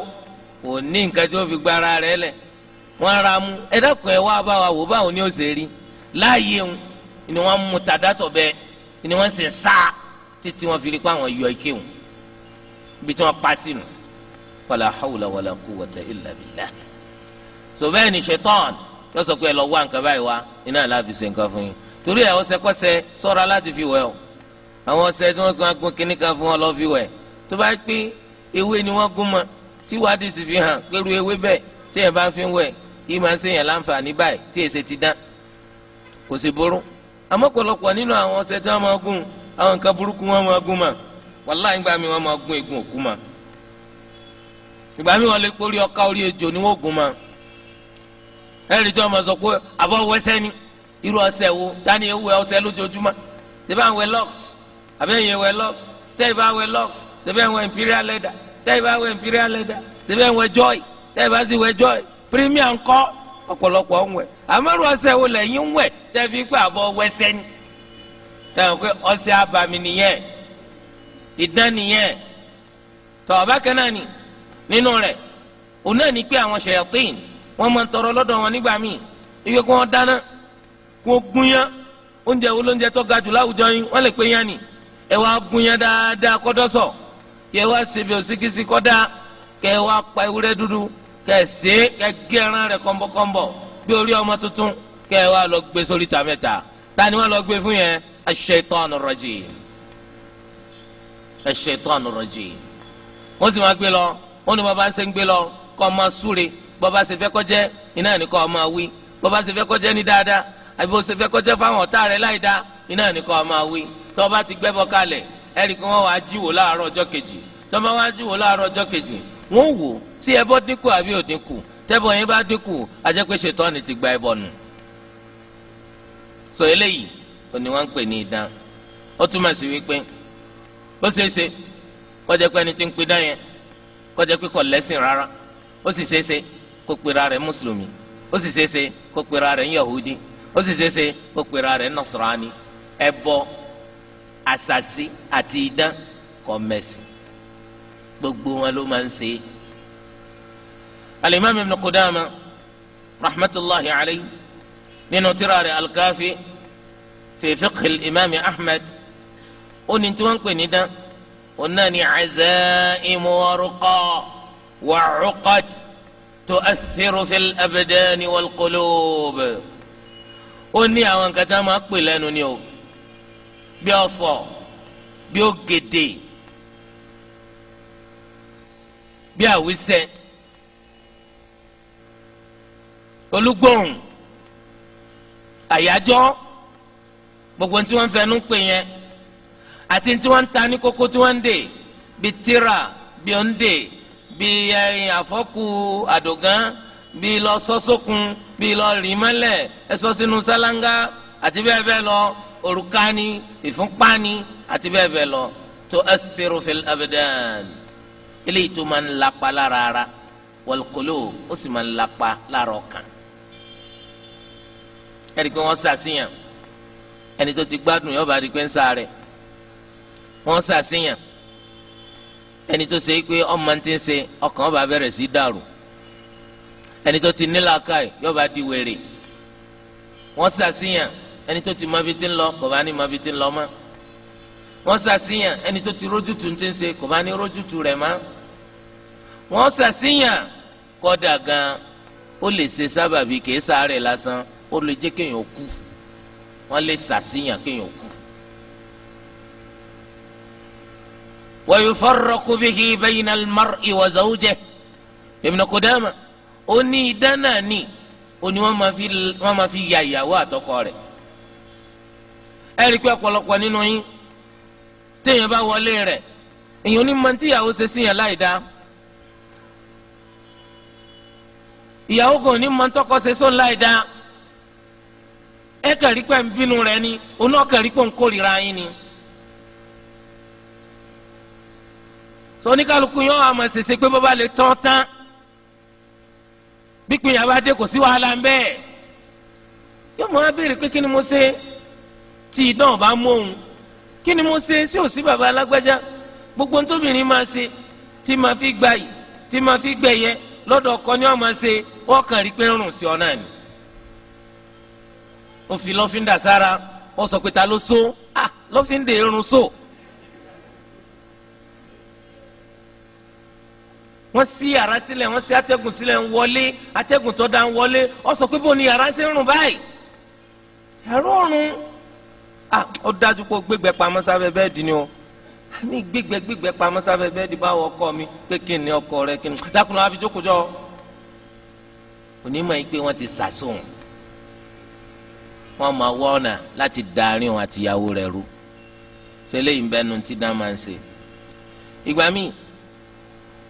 kò ní nǹkan tí ó fi gba ara rẹ̀ lẹ̀ wọn ra mú ẹ dákun ẹ wá bá wa wò báwo ni ó rí láàyè ń ni wọn mú tàdátọ̀ bẹ́ẹ̀ ni wọn sì sá títí wọn fi rí pé àwọn yọ ike wọn ibi tí wọn pa sínú wàlà hàwùlà wàlà kú wọtẹ ìlà so bẹ́ẹ̀ ni ṣetán yóò sọ pé ẹ lọ wá nǹkan báyìí wá iná láàfin ṣe nǹkan fún yín torí ẹ ọṣẹ kọṣẹ ṣọ́ra láti fi wẹ̀ o àwọn ọṣẹ tí wọ́n gún kinní kan fún wọn lọ fi wẹ̀ tó bá pé ewé ni wọ́n gún mọ́ tí wádìí sì fi hàn pẹ̀lú ewé bẹ́ẹ̀ tí ẹ bá fi wẹ̀ yìí máa ń ṣèyàn láǹfààní báyìí tí èsè ti dán kò sì burú àmọ́ pọ̀lọpọ̀ nínú àwọn ọṣẹ tí wọ́n máa gún àwọn nǹkan burúkú wọ́n máa gún mọ́ wàláhì ìgbà mi wọ́n máa gún egun òkú mọ́ ìgbà mi wọ́n lè kórí ọkà orí ejò ni wọ́n gún mọ́ ẹnì tí wọn máa sọ pé àbọ̀ wẹsẹ̀ ni irú ọṣẹ wo tani ewu ọṣẹ lójoojúmọ́ sèbá ń lux àbẹ́yìn wẹ lux tẹ́yì bá wẹ lux sèbá ń wẹ imperial leather tẹ́yì bá wẹ imperial leather sèbá ń wẹ joy tẹ́yì bá sì wẹ joy premium ńkọ́ ọ̀pọ̀lọpọ̀ ń wẹ̀ àmọ́rù ọṣẹ wo lẹ́yìn ń wẹ̀ tẹ́fi pé àbọ̀ wẹsẹ̀ ni tẹ́wọ̀n pé ọṣẹ abàmì nìyẹn ìdán nìyẹn tọ̀ ọ̀bá kan náà ni nínú rẹ̀ òun náà ni pé àwọn ṣèyàtìn wọ́n máa ń tọrọ lọ́dọ̀ wọn nígbà míì ike kí wọ́n dáná kí wọ́n gúnyán oúnjẹ wo lóúnjẹ tó ga jù láwùjọ yín wọ́n lè pé yán ni ẹ wá gúnyán dáadáa kọ́dọ́sọ̀ kẹ wá ṣèbí òsíkísí kọ́dá kẹ wá pa ewúrẹ́ dúdú kẹ ṣe kẹ gé ẹran rẹ̀ kọ́ńbọ́kọ́ńbọ́ bí orí ọmọ tuntun kẹ wá lọ gbé sórí ta ta ni wọ́n lọ gbé fún yẹn aṣ-ṣaytanu rajim aṣ-ṣaytanu rajim wọ́n sì máa gbé lọ wọ́n ní bàbá ń ṣe ń gbé lọ kọ́ ọ súre bọ́ba ṣe fẹ́ kọjẹ́ iná ní kọ́ máa wí bọ́ba ṣe fẹ́ kọjẹ́ ní dáadáa àbí bó ṣe fẹ́ kọjẹ́ fáwọn ọ̀tá rẹ̀ láì dá iná ní kọ́ máa wí tọ́ba ti gbẹ́bọ kalẹ̀ ẹ̀rí kí wọ́n wá jíwò láàárọ̀ ọjọ́ kejì tọ́ba wá jíwò láàárọ̀ ọjọ́ kejì wọ́n wò tí ẹbọ dínkù àbí ò dínkù tẹ́bọ yẹn bá dínkù àjẹpẹ́ ṣètọ́ni ti gba ẹbọ nù. sọ eléyìí òní wọn ń pè ní idán ó túmọ̀ sí wípé ó ṣeé kọjá pé ẹni tí ń pidán yẹn kọjá pé kò lẹ́sìn rárá ó sì ṣeé kó pera rẹ̀ mùsùlùmí ó sì ṣeéṣe kó pera rẹ̀ yahudi ó sì ṣeéṣe kó pera rẹ̀ nasrani ẹbọ àṣàṣì àti idán kọ mẹsì gbogbo wọn ló máa ń ṣe. alimami ibn Qudama rahmatulahi alayhi nínú tírà alkaafi fi fiqhi ahmed ó ní tí wọ́n ń pè ní dán ó náà ní wa ruqa تؤثر في الأبدان والقلوب ó ní àwọn nǹkan tá a máa pè lẹ́nu ni o bí ọ̀fọ̀ bí ògèdè bí àwísẹ olúgbòhùn gbogbo tí wọ́n ń fẹnu pè yẹn àti tí wọ́n ta ní kókó tí wọ́n dè bí tíra bí ó ń dè bí ẹyin àfọ́kù àdògán bí lọ sọ́sọ́kun bí lọ rì mọ́lẹ̀ ẹ̀sọ́ sínú sálángá àti bẹ́ẹ̀ bẹ́ẹ̀ lọ òrùka ni ìfúnpá ni àti bẹ́ẹ̀ bẹ́ẹ̀ lọ tó athiru fil abdan ilé ìtò máa ń lapa lára ara wal qulub ó sì máa ń lapa lára ọkàn ẹ̀rí pé wọ́n sàṣìyàn ẹni tó ti gbádùn yóò bá pé ń sáré wọ́n sàṣìyàn ẹni tó ṣe pé ọmọ ti ń ṣe ọkàn bá bẹ̀rẹ̀ sí dàrú ẹni tó ti nílàáká ẹ̀ yóò bá di wèrè wọ́n ṣàṣìyàn ẹni tó ti mọbi ti ń lọ kò bá ní mọbi ti ń lọ mọ́ wọ́n ṣàṣìyàn ẹni tó ti rójútu ti ń ṣe kò bá ní rójútu rẹ̀ mọ́ wọ́n ṣàṣìyàn kọ́dà gan ó lè ṣe sábàbí kì í sáré lásán ó lè jẹ́ kéèyàn kú wọ́n lè ṣàṣìyàn kéèyàn kú ويفرق به بين المرء وزوجه ابن قدامة ó ní idán náà ni ó ní wọ́n máa fi wọ́n máa fi ya ìyàwó àtọkọ rẹ̀ ẹ rí i pé ọ̀pọ̀lọpọ̀ nínú yín téèyàn bá wọlé rẹ̀ èèyàn ní mọ̀ntí ìyàwó ṣe sí yẹn láì dáa ìyàwó kò ní mọ̀ntọ́kọ ṣe sóun láì dáa ẹ kàn rí pé ń bínú rẹ̀ ni oná kàn rí pé ń kórìíra yín ni. sọ́níkàlùkù yẹn wà máa ṣèṣe pé bọ́ba lè tán tán pípín yàrá dé kò sí wàhálà ń bẹ́ẹ̀ yóò máa béèrè pé kí ni mo ṣe tí idán ọba mú òun kí ni mo ṣe sí òsì bàbá alágbájá gbogbo ntóbìnrin máa ṣe tí máa fi gbà yìí tí máa fi gbẹ̀yẹ lọ́dọ̀ ọkọ ni wọ́n máa ṣe wọ́n kàn rí pé rùn sí ọ náà ni òfin lọ́fíńdà sára wọ́n sọ pé ta ló so ah lọ́fíńdà irun so. wọ́n ṣí yàrá sílẹ̀ wọ́n ṣí atẹ́gùn sílẹ̀ ń wọlé atẹ́gùn tó dá ń wọlé ọ sọ pé bó ni yàrá ṣe ń rùn báyìí yàrá òrùn ó dájú pé o gbégbẹ pamọ́ sábẹ́ bẹ́ẹ̀dì ni o àmì gbégbẹ gbégbẹ pamọ́ sábẹ́ bẹ́ẹ̀dì báwo ọkọ mi pé kí ni ọkọ rẹ kí ni dákun náà abijokojọ onímọ̀ yìí pé wọ́n ti sàsóhun wọ́n máa wọ́ ọ̀nà láti darí wọn àtìyàwó rẹ̀ rú ṣe eléyìí bẹ́ẹ̀ dá máa ń ṣe ìgbà míì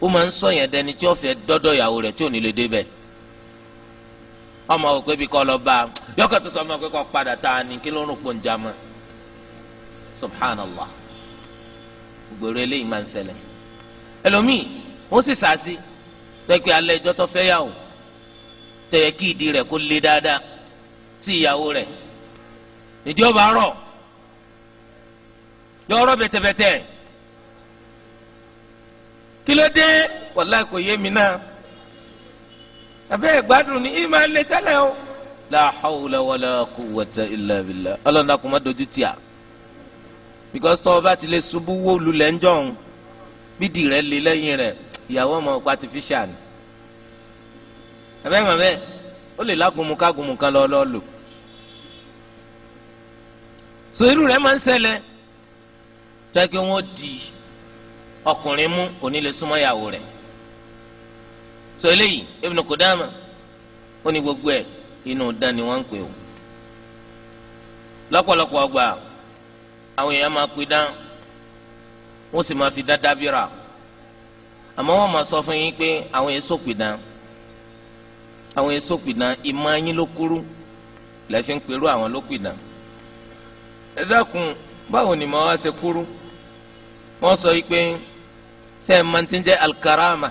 ó máa ń sọ yẹn dẹni tí ó fẹ́ dọ́dọ̀ ìyàwó rẹ̀ tí ò ní lè débẹ̀ ọmọ wò pé bí lọ bá yọkọ̀ sọ ọmọ pé kò padà ta ni kí ló ń rò pọ̀ ń subhanallah gbogbo eléyìí máa ń ṣẹlẹ̀ ẹlòmíì wọ́n sì sàásì pẹ́pẹ́ alẹ́ ẹjọ́ tó fẹ́ yàwó tó yẹ kí ìdí rẹ̀ kó lé dáadáa sí ìyàwó rẹ̀ ìdí ọba rọ̀ yọ ọ̀rọ̀ bẹ̀tẹ̀bẹ̀tẹ̀ kí ló dé wàláì kò yé mi náà abẹ́ gbádùn ni ìmọ̀ ẹlẹ́ tẹ́lẹ̀ o la hawla wala quwwata illa billah ọlọ́dà kò má dojú tì because tọ́wọ́ bá ti lè ṣubú wó lulẹ̀ ń jọ̀hún bídìí rẹ̀ lé lẹ́yìn rẹ̀ ìyàwó ọmọ ọkọ artificial ni abẹ́ màmẹ́ ó lè lágùnmu kágùnmu kan lọ́ọ́ lọ́ọ́ lò so irú rẹ̀ máa ń ṣẹlẹ̀ tẹ́kẹ́ wọ́n di ọkùnrin mú kò ní lè súnmọ́ ìyàwó rẹ̀ so eléyìí Ibn Qudama ó ní gbogbo ẹ̀ inú dán ni wọ́n ń pè o lọ́pọ̀lọpọ̀ ọgbà àwọn èèyàn máa pè dán wọ́n sì máa fi dá dábìrà àmọ́ wọ́n máa sọ fún yín pé àwọn èso pè dán àwọn èso pè dán ìmọ̀ yín ló kúrú lẹ́fí ń àwọn ló pè dán ẹ dákun báwo ni màá wá ṣe kúrú wọ́n sọ yìí pé sẹ́yìn mọ́tí ń jẹ́ alikarama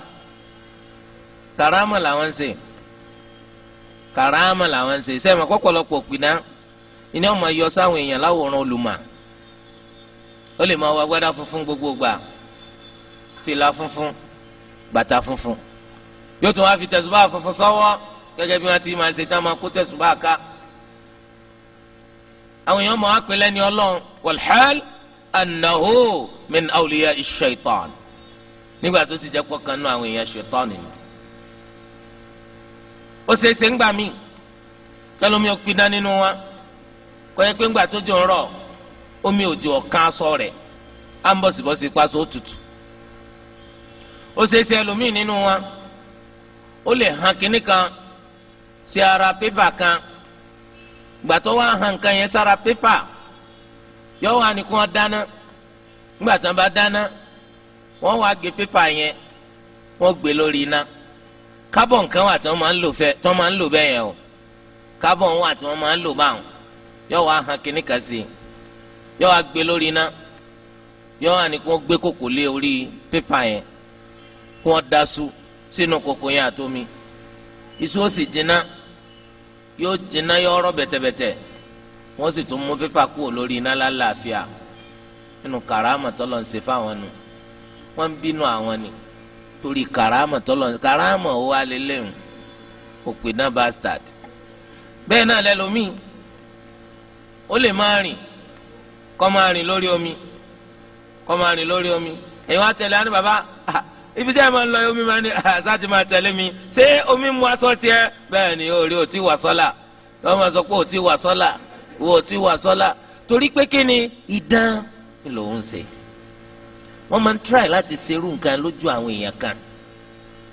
karama làwọn ń ṣe karama làwọn ń ṣe sẹ́yìn mọ́ kọ́kọ́lọ́pọ̀ pinna ìní ọmọ yọ sáwọn èèyàn láwòrán olùmọ̀ ó lè máa wọ agbádá funfun gbogbo gbà fìlà funfun bàtà funfun yóò tún wá fi tẹ̀sùbá funfun sọ́wọ́ gẹ́gẹ́ bí wọ́n ti máa ṣe tí wọ́n máa kó tẹ̀sùbá ká àwọn èèyàn máa pè lẹ́ni ọlọ́run wal hal annahu min awliya nígbà tó sì jẹ́ kọ́kan nú àwọn èèyàn ṣètọ́ọ̀nì ni ó ṣe é ṣe ń gbà mí kẹlómi ó pidán nínú wa kọ́ yẹ pé ńgbà tó jò ń rọ̀ omi òjò ọ̀kan aṣọ rẹ̀ á ń bọ̀sibọ̀si paṣọ òtútù ó ṣe é ṣe ẹlòmíì nínú wa ó lè han kinní kan sí ara pépà kan gbà tó wá han nǹkan yẹn sára pépà yọ wá ní kí wọ́n dáná ńgbà tó ń bá dáná wọ́n wá gbé pépà yẹn wọ́n gbé lórí iná carbon kan wà tí wọ́n máa ń lò fẹ́ tí wọ́n máa ń lò bẹ́ẹ̀ yẹn o carbon wà tí wọ́n máa ń lò báwọn yóò wá hàn kíní kan sí i yóò wá gbé lórí iná yóò wá ní kí wọ́n gbé kòkò lé orí pépà yẹn kí wọ́n daṣu sínú kòkò yẹn àtomi iṣu ó sì jiná yóò jiná yóò rọ̀ bẹ̀tẹ̀bẹ̀tẹ̀ wọ́n sì tún mú pépà kúrò lórí iná lálàáfíà nínú kàrámà tọ́lọ́ ń ṣe fáwọn nù. No wọ́n ń bínú àwọn ni torí karama tọ́lọ̀ karama ó wá lélẹ́yìn òpè náà bastard bẹ́ẹ̀ náà lẹ́lòmíì ó lè máa rìn kọ́ máa rìn lórí omi kọ́ máa rìn lórí omi ẹ̀yin wá tẹ̀lé á ní ah, ibi tí a máa ń lọ omi máa ní àṣà ah, ti máa tẹ̀lé mi ṣé omi mu aṣọ tiẹ̀ bẹ́ẹ̀ ni orí ò tí wà sọ́là wọ́n máa sọ pé ò tí wà sọ́là ò tí wà sọ́là torí pé kí ni idán lòún ṣe wọ́n máa ń try láti ṣerú nǹkan lójú àwọn èèyàn kan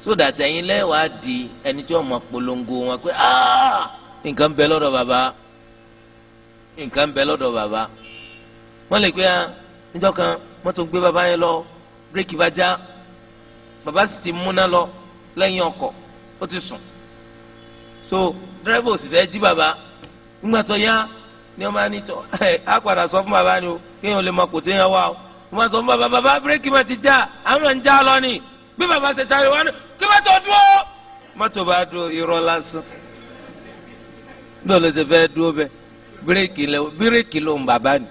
so that ẹ̀yin lẹ́wàá di ẹni tí wọ́n máa polongo wọn pé ah, nǹkan bẹ lọ́dọ̀ bàbá nǹkan bẹ lọ́dọ̀ bàbá wọ́n lè pé ah, níjọ́ kan mọ́tò gbé bàbá yẹn lọ bírèkì bá já bàbá sì ti múná lọ lẹ́yìn ọkọ̀ ó ti sùn so dírẹ́fà òsì fẹ́ jí bàbá nígbà tó yá ni wọ́n máa ní tọ́ ẹ̀ á padà sọ fún bàbá ni o kéèyàn lè mọ kò téèyàn wá o mo máa sọ bàbá bàbá bírèkì máa ti já àwọn ń já lọ ni bí bàbá ṣe tari wọn kí mọ́tò dúró mọ́tò bá dúró lásán o lè dúró bẹ́ẹ̀ bírèkì lẹ bírèkì bàbá ni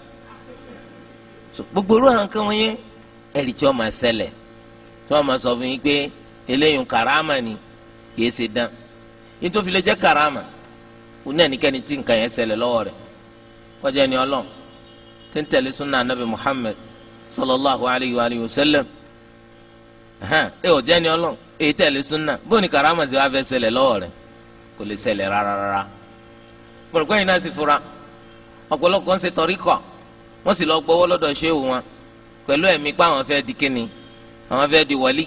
gbogbo irú àwọn kan wọ̀nyẹn ẹ̀rì tí wọ́n máa ṣẹlẹ̀ tí máa sọ fún yín pé eléyìí karama ni ṣe dán yín karama náà nìkẹ́ni tí nǹkan yẹn kọjá ni tí ń tẹ̀lé Muhammad sallallahu alayhi wa alayhi wa sallam ẹ ò jẹ́ ni èyí tẹ̀lé súnà bóun ni karama sì wá fẹ́ ṣẹlẹ̀ lọ́wọ́ rẹ̀ kò lè ṣẹlẹ̀ rárá rárá mo rò pé ẹ̀yin náà sì fura ọ̀pọ̀lọpọ̀ ń ṣe tọrí kọ̀ wọ́n sì lọ gbowó lọ́dọ̀ ṣéwù wọn pẹ̀lú ẹ̀mí pé àwọn fẹ́ di kíni àwọn fẹ́ di wọlí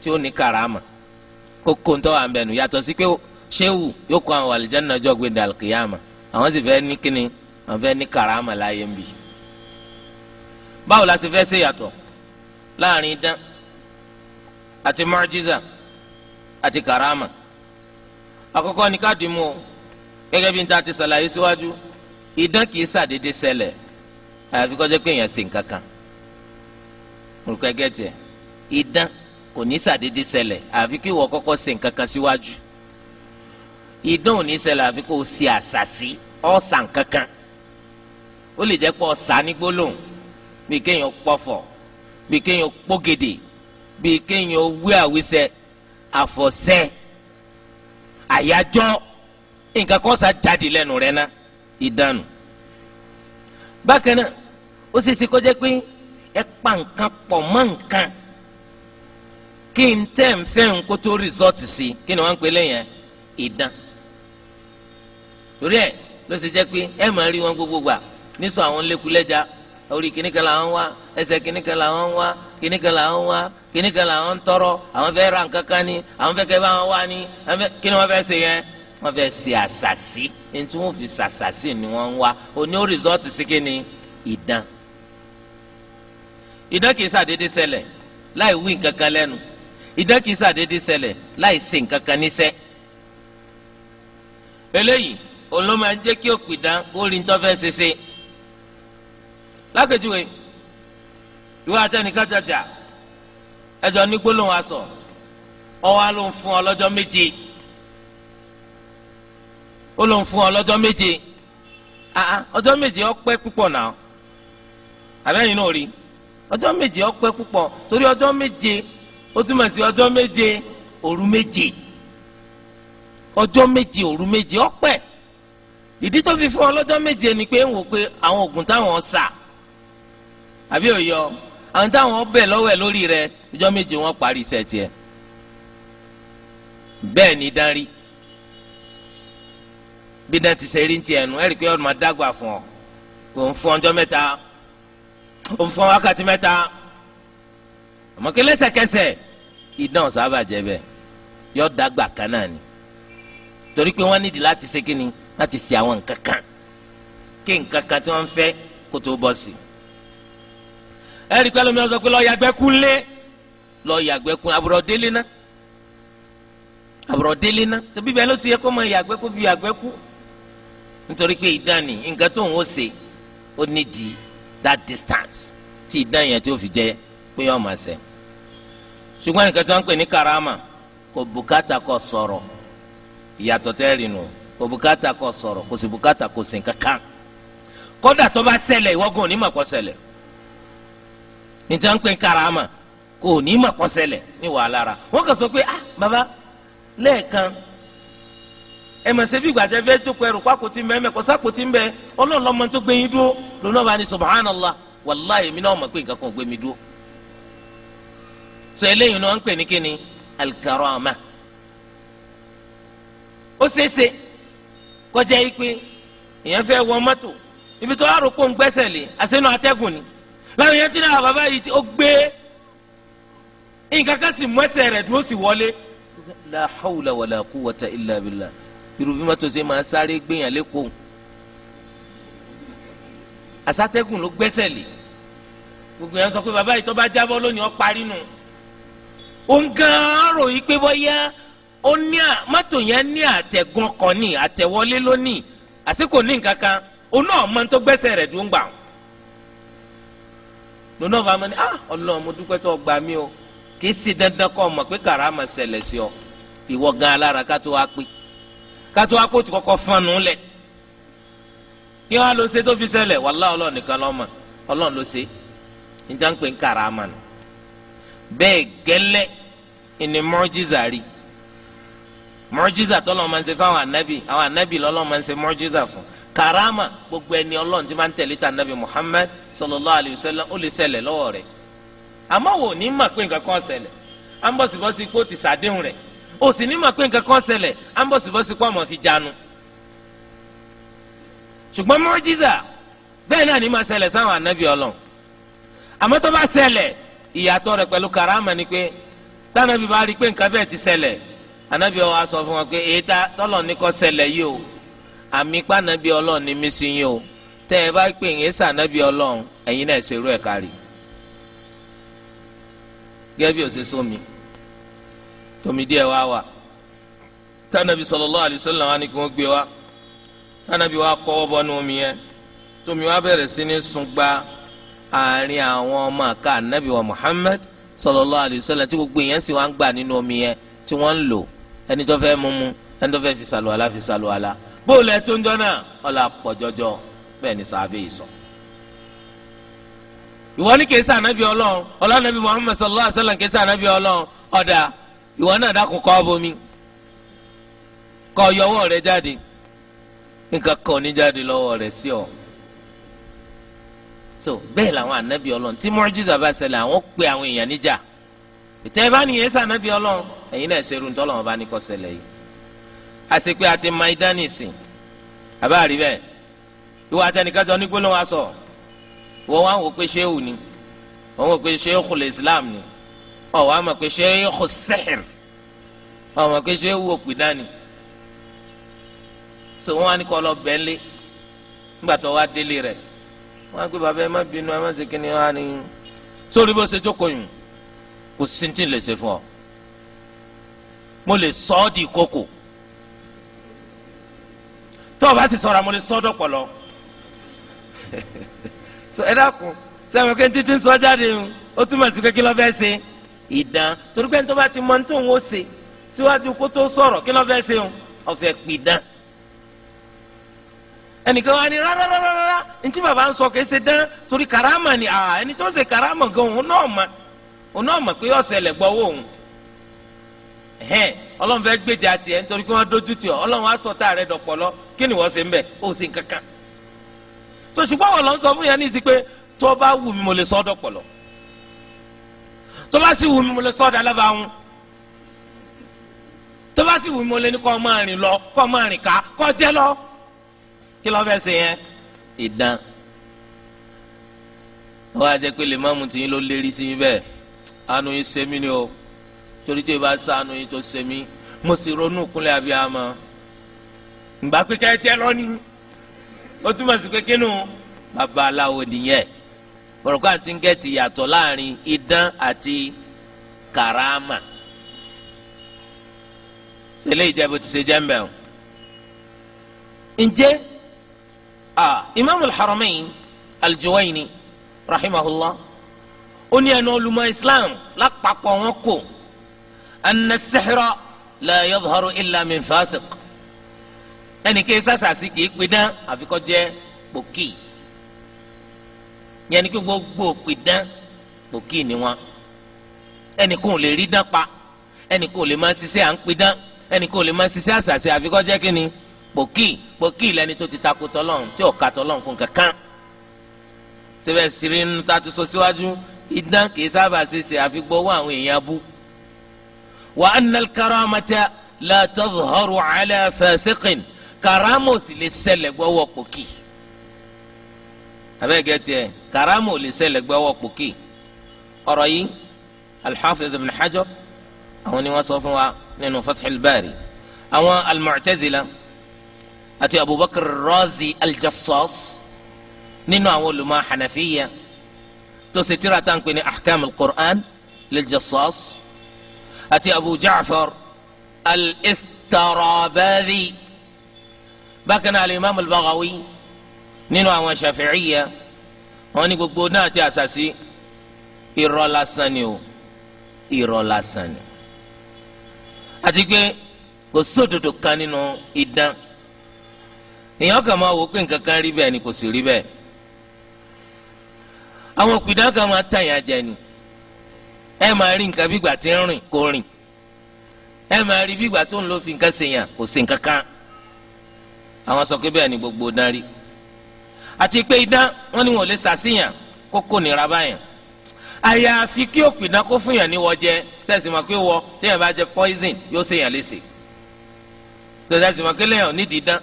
tí ó ní karama kókó ńtọ́ wà ń bẹ̀nu yàtọ̀ sí pé ṣéwù yóò kọ́ àwọn àlìjáná jọ gbé dàlùkìyàmà àwọn sì fẹ́ ní kíni àwọn fẹ́ ní karama láyé ń bì í báwo la ṣe fẹ́ ṣe yàtọ̀ láàrin idán àti mọ́jísà àti karama àkọ́kọ́ ni ká dì mú o gẹ́gẹ́ bí n ta ti ṣàlàyé síwájú idán kìí ṣàdédé ṣẹlẹ̀ àyàfi kó jẹ́ pé èèyàn ṣe nǹkan kan olùkọ́ ẹgẹ́ tiẹ̀ idán kò ní ṣàdédé ṣẹlẹ̀ àyàfi kí ìwọ kọ́kọ́ ṣe nǹkan kan síwájú idán ò ní ṣẹlẹ̀ àyàfi kó ṣe àṣàṣì ọ̀sà nǹkan kan ó lè jẹ́ pé ọ̀sà ní gbólóhùn bí kéèyàn pọ̀fọ̀ bí kéèyàn pọ́gèdè bí kéèyàn wí àwísẹ́ àfọ̀sẹ́ àyájọ́ nǹkan kan sá jáde lẹ́nu rẹ̀ ná ìdánù. bákan náà ó ṣe ṣe kọjá pé ẹ pa nǹkan pọ̀ mọ́ nǹkan kí n tẹ́ ń fẹ́ ń kó tó rìsọ́ọ̀tì sí kí ni wọ́n ń pè lẹ́yìn ìdán. torí ẹ ló ṣe jẹ́ pé ẹ máa rí wọn gbogbo gbà nísọ orí kìnnìkan làwọn wá ẹsẹ̀ kìnnìkan làwọn wá kìnnìkan làwọn wá kìnnìkan làwọn tọrọ àwọn fẹ́ ra nǹkan kan ni àwọn fẹ́ kẹ́ bá wọn wá ni kí ni wọ́n fẹ́ ṣe yẹn wọ́n fẹ́ ṣe àṣàṣì ẹni tí wọ́n fi ṣàṣàṣì ni wọ́n ń wá òní ó rìsọ́ọ̀tì sí kí ni ìdán ìdán kìí ṣàdédé ṣẹlẹ̀ láì wí nǹkan kan lẹ́nu ìdán kìí ṣàdédé ṣẹlẹ̀ láì ṣe nǹkan kan níṣẹ́ eléyìí olóma jẹ́ kí òpìdán kó rí ní ṣe ṣe lápèjúwe ìwé àtẹnìkan jàjà ẹjọ ní gbólóhùn aṣọ ọwọ́ ló ń fún ọ lọ́jọ́ méje ó ló ń fún ọ lọ́jọ́ méje ọjọ́ méje ọpẹ́ púpọ̀ náà àbẹ́yìn náà rí ọjọ́ méje ọpẹ́ púpọ̀ torí ọjọ́ méje ó túmọ̀ sí ọjọ́ méje òru méje ọjọ́ méje òru méje ọpẹ́ ìdí tó fi fún ọ lọ́jọ́ méje ni pé ń wò pé àwọn oògùn táwọn sà àbí òyọ àwọn táwọn bẹ̀ lọ́wọ́ ẹ̀ lórí rẹ̀ ọjọ́ méje wọ́n parí iṣẹ́ tiẹ̀ bẹ́ẹ̀ ni dárí bí náà ti ṣe rí ti ẹnu ẹ̀rí pé ọdún máa dágbà fún ọ kò ń fún ọjọ́ mẹ́ta ó ń fún wákàtí mẹ́ta àmọ́ kí lẹ́sẹ̀kẹsẹ̀ idán sábà jẹ́ bẹ́ẹ̀ yọ dágbà kan náà ni torí pé wọ́n nídìí láti ṣe kíni láti ṣe àwọn nǹkan kan kí nǹkan kan tí wọ́n ń kó tó bọ́ sí i. ẹ̀rí pẹ́ lómi ọ̀sán pé lọ́ọ́ yàgbẹ́ lé lọ́ọ́ yàgbẹ́ àbúrò délé ná àbúrò délé ná ṣe bíbẹ́ ló ti yẹ kó mọ fi yàgbẹ́ kú nítorí pé ìdánì nǹkan tó ń ṣe ó ní di that distance tí yẹn tí ó fi jẹ pé ọmọ ẹsẹ̀ ṣùgbọ́n nǹkan tó ń pè ní karama kò bùkátà kò sọ̀rọ̀ ìyàtọ̀ tẹ́rì nù kò bùkátà kò sọ̀rọ̀ kò sì bùkátà kò kankan kódà níta ń pè karama kò ní mà kọsẹlẹ ní wàhálà ra wọn kàn sọ pé ah baba lẹ́ẹ̀kan ẹ mọ̀ sẹ́bí gbàjẹ́ bẹ́ẹ̀ tó kọ ẹrù kó àkótí mbẹ́ mẹ́kọ sákòtí mbẹ́ tó dúró lónà bá ní subhanallah wàláyé mi náà mọ̀ pé nǹkan kan mi dúró. sọ eléyìí náà ń pè ní alkarama ó kọjá yìí pé fẹ́ wọ ibi tó àròpọ̀ ń gbẹ́sẹ̀ lé atẹ́gùn láwọn yẹn tí náà bàbá yìí ó gbé nǹkan kan sì mọ́sẹ̀ rẹ̀ tó sì wọlé. la hawla wala quwwata illa billah irú bí mọ́tò ṣe máa sáré gbéyàn lẹ́kọ̀ọ́ àsátẹ́gùn ló gbẹ́sẹ̀ lé gbogbo yẹn sọ pé bàbá yìí tó bá jábọ́ lónìí ó parí nù òun gan-an rò yí pé bọ́yá ó ní à mọ́tò yẹn ní àtẹ̀gùn ọkọ̀ ní àtẹ̀wọlé lónìí àsìkò ní nǹkan kan òun náà mọ́ tó gbẹ́sẹ̀ rẹ̀ dùn gbà wọn. lónà bá mọ ah ọlọ́run mo dúpẹ́ tó gbà mí o kì í sì dandan kọ́ mọ̀ pé kàràmà ṣẹlẹ̀ sí ọ ìwọ gan alára ká tó wá pé ká tó wá pé o ti kọ́kọ́ fọnù lẹ̀ kí wọ́n á lọ ṣe tó fi ṣẹlẹ̀ wàlá ọlọ́run nìkan lọ́mọ ọlọ́run ló ṣe níta ń pè ń kàràmà bẹ́ẹ̀ gẹ́lẹ́ ìní mọ́jísà rí mọ́jísà tọ́lọ́ máa ń ṣe fáwọn àwọn lọ́lọ́ máa ń ṣe mọ́jísà fún karama gbogbo ẹni ọlọ́run ti máa ń tẹ̀lé ta nabi muhammed sallallahu alayhi wa sallam ó lè ṣẹlẹ̀ lọ́wọ́ rẹ̀ àmọ́ wò ní ma pé nǹkan kan à ń ti ṣàdéhùn rẹ̀ ó sì ní mà pé nǹkan kan ṣẹlẹ̀ à ń bọ̀sibọ́sí pé ọmọ ti jánu ṣùgbọ́n mọ́jísà bẹ́ẹ̀ ni ma sáwọn anabi ọlọ́run àmọ́ tó bá ṣẹlẹ̀ ìyàtọ̀ rẹ̀ karama ni pé tànàbí bá rí pé nǹkan ti anabi ọ àmì pànàbí ọlọ́run ní mísí yín o tẹ́ ẹ bá pè yín sànàbí ọlọ́run ẹ̀yin náà ṣerú ẹ̀ kárì gẹ́gẹ́ bí òṣè sómi tómi díẹ̀ wá wà tànàbí sallallahu alaihi wasallam ni kí wọ́n gbé wa tànàbí wa kọ́wọ́ bọ́ omi yẹn tómi wa bẹ̀rẹ̀ sí ní sun gba àárín àwọn ọmọ àka ànábì wa Muhammad sallallahu alaihi tí gbogbo èèyàn sì wá ń gbà nínú omi yẹn tí wọ́n ń lò ẹni tó fẹ́ mú mú ẹni tó fẹ́ fi sàlùwàlà fi sàlùwàlà bóòlù ẹtọ́ ńjọ náà ọ̀là pọ̀jọjọ bẹ́ẹ̀ ni sàbẹ̀ yìí sọ. ìwọ ní kèésì ànábì ọlọ́run ọlọ́nàbí muhammed sallallahu alayhi wa sallam kèésì ànábì ọlọ́run ọ̀dà ìwọ náà dákun kọ́ bomi kọ́ yọwọ́ rẹ jáde nǹkan kan jáde lọ́wọ́ rẹ sí ọ. so bẹ́ẹ̀ làwọn ànábì ọlọ́run tí ṣẹlẹ̀ àwọn pe àwọn èèyàn níjà ìtẹ́ bá nìyẹn sànábì ẹ̀yin náà ṣerú ntọ́lọ́wọ́n bá ní kọ́ ṣẹlẹ̀ àṣepé àti maidanisi àbá rí bẹ́ẹ̀ ìwà àtẹnikẹ́jọ ní gbólóhùn aṣọ wọ́n wá wò pé ni wọ́n wò pé ṣéwù lè islam ni ọ̀ wá mọ̀ pé ṣéwù sẹ́hìr ọ̀ mọ̀ pé ṣéwù òpìdá ni tó wọ́n wá ní kọ́ lọ bẹ́ẹ̀lẹ́ nígbà tó wá délé rẹ̀ bàbá ẹ má bínú ẹ má ṣe kí ni wọ́n á ní. sórí bó ṣe jókòó kò sí lè ṣe fún ọ mo lè sọ di kókò. tó o si sì sọ̀rọ̀ àmọ́ lè sọ́ dọ̀pọ̀ so ẹ si sẹ́wọ̀n kí n títí ń sọ jáde ń ó túmọ̀ sí pé kí lọ́ọ́ fẹ́ ṣe ìdán torí pé tó ti mọ tó ń wò ṣe síwájú kó tó sọ̀rọ̀ kí lọ́ọ́ fẹ́ ṣe ń ọ̀fẹ́ pì dán. ẹnìkan ni rárárárá ntí bàbá ń sọ kì ṣe dán torí karama ni ẹni tó ṣe karama gan òun náà mọ̀ òun náà mọ̀ pé ọ̀sẹ̀ lẹ̀ gbọ́wọ́ òun ọlọ́run fẹ́ gbèjà tiẹ̀ nítorí wọ́n ọlọ́run sọ tá a rẹ̀ dọ̀pọ̀ kí ni wọ́n ṣe ń bẹ̀ ó sì ń kankan so ṣùgbọ́n wọn lọ sọ fún yẹn ní ìsìn pé tó bá wù mí mo lè sọ ọ́ dọ̀pọ̀lọ̀ tó bá sì wù mí mo lè sọ ọ́ dálábà ń tó bá sì wù mí mo lè ní kọ́ ọ máa rìn lọ kọ́ ọ máa rìn ká kọ́ ọ jẹ́ lọ kí ló fẹ́ ṣe yẹn ìdán wọ́n á jẹ́ pé lè má mu tìyín ló lérí sí yín bẹ́ẹ̀ àánú yín ṣe mí ni o torí tí ì bá sànú yín tó ṣe mí mo sì ronú kúnlẹ̀ abiyamọ ǹgbà pé kẹ́ ẹ tẹ́ lọ ni ó túmọ̀ sí pé kínú babaláwo nìyẹn bọ̀rọ̀kọ́ àti ń gẹ̀ẹ́tì yàtọ̀ láàrin idán àti karama ṣẹlẹ̀ ìjẹ́bù ti ṣe jẹ́mbẹ̀ o ǹjẹ́ imaamu al-haramayn al ó ní ẹnu olùmọ̀ islam lápapọ̀ wọn kò anna sihra la yadharu ẹnìkan sàṣàṣì kì í pidán àfikọ́ jẹ́ pòkì yẹn ni kí gbogbo pidán pòkì ni wọn ẹnìkan ò lè rí dán pa ẹnìkan ò lè máa ṣiṣẹ́ à ń pidán ẹnìkan ò lè máa ṣiṣẹ́ àṣàṣì àfikọ́ jẹ́ kí ni pòkì pòkì lẹni tó ti takò tọlọ́run tí ò ka tọlọ́run kún kankan síbẹ̀ sírí nínú tá a ti sọ síwájú idán kì í sábà ṣeṣe àfigbọ́ wọ àwọn èèyàn bú. wa anna al-karamata la tadhharu ala fasiqin karamo sì lè ṣẹlẹ̀ gbọ́wọ́ pòkì abẹ́gẹ́ tiẹ̀ karamo lè ṣẹlẹ̀ gbọ́wọ́ pòkì ọ̀rọ̀ yìí al-Hafiz ibn Hajar àwọn ni wọ́n sọ fún wa nínú Fathul Bari àwọn al-Mu'tazila àti Abubakar Razi al nínú àwọn olùmọ̀ hanafiya tó ṣe tírà tan à ní ahkam alqur'an quran àti Abu Ja'far al-Istarabadhi. bákan náà alimami al-Baghawi nínú àwọn Shafi'iyya wọ́n ní gbogbo náà ti àṣàṣì irọ́ lásán ni o irọ́ lásán ni àti pé kò sódodo kan nínú idán èèyàn kàn máa wò pé nǹkan kan rí bẹ́ẹ̀ ni kò sì rí bẹ́ẹ̀ àwọn òpìdán kan máa tàyàn jẹ ni ẹ máa rí nǹkan bí ìgbà tí ń rìn kò rìn ẹ máa rí bí ìgbà tó ń lò fi nǹkan ṣèyàn kò sí nǹkan kan àwọn sọ pé bẹ́ẹ̀ ni gbogbo dán rí àti pé idán wọn ni wọn lè sàṣìyàn kó nira báyàn àyàfi kí òpì iná kó fún yàn ní wọ jẹ sẹ́sì mọ̀ pé wọ téèyàn bá jẹ poison yóò ṣe yàn léṣe sẹ́sì mọ̀ pé lẹ́yìn onídìí dán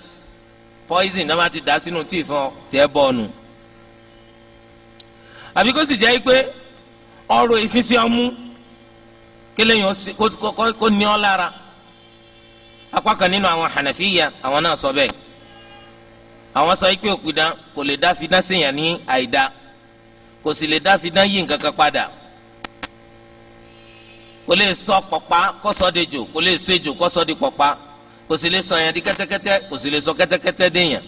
poison náà má ti dá sínú tíì fún ọ tiẹ́ bọ́ ọ̀nù àbí kó sì jẹ́ pé ọrọ̀ ìfísí ọmú kí kó ní ọ lára apá kan nínú àwọn Hanafiya àwọn náà sọ bẹ́ẹ̀ àwọn sọ pé òpìdán kò lè dá fidán ṣèyàn ní àìdá kò sì lè dá fidán yí nǹkan kan padà kò lè sọ pọ̀pá kó sọ de jò kò lè sọ ejò kó sọ di pọ̀pá kò sì lè sọ yẹn di kẹ́tẹ́kẹ́tẹ́ kò sì lè sọ kẹ́tẹ́kẹ́tẹ́ déyàn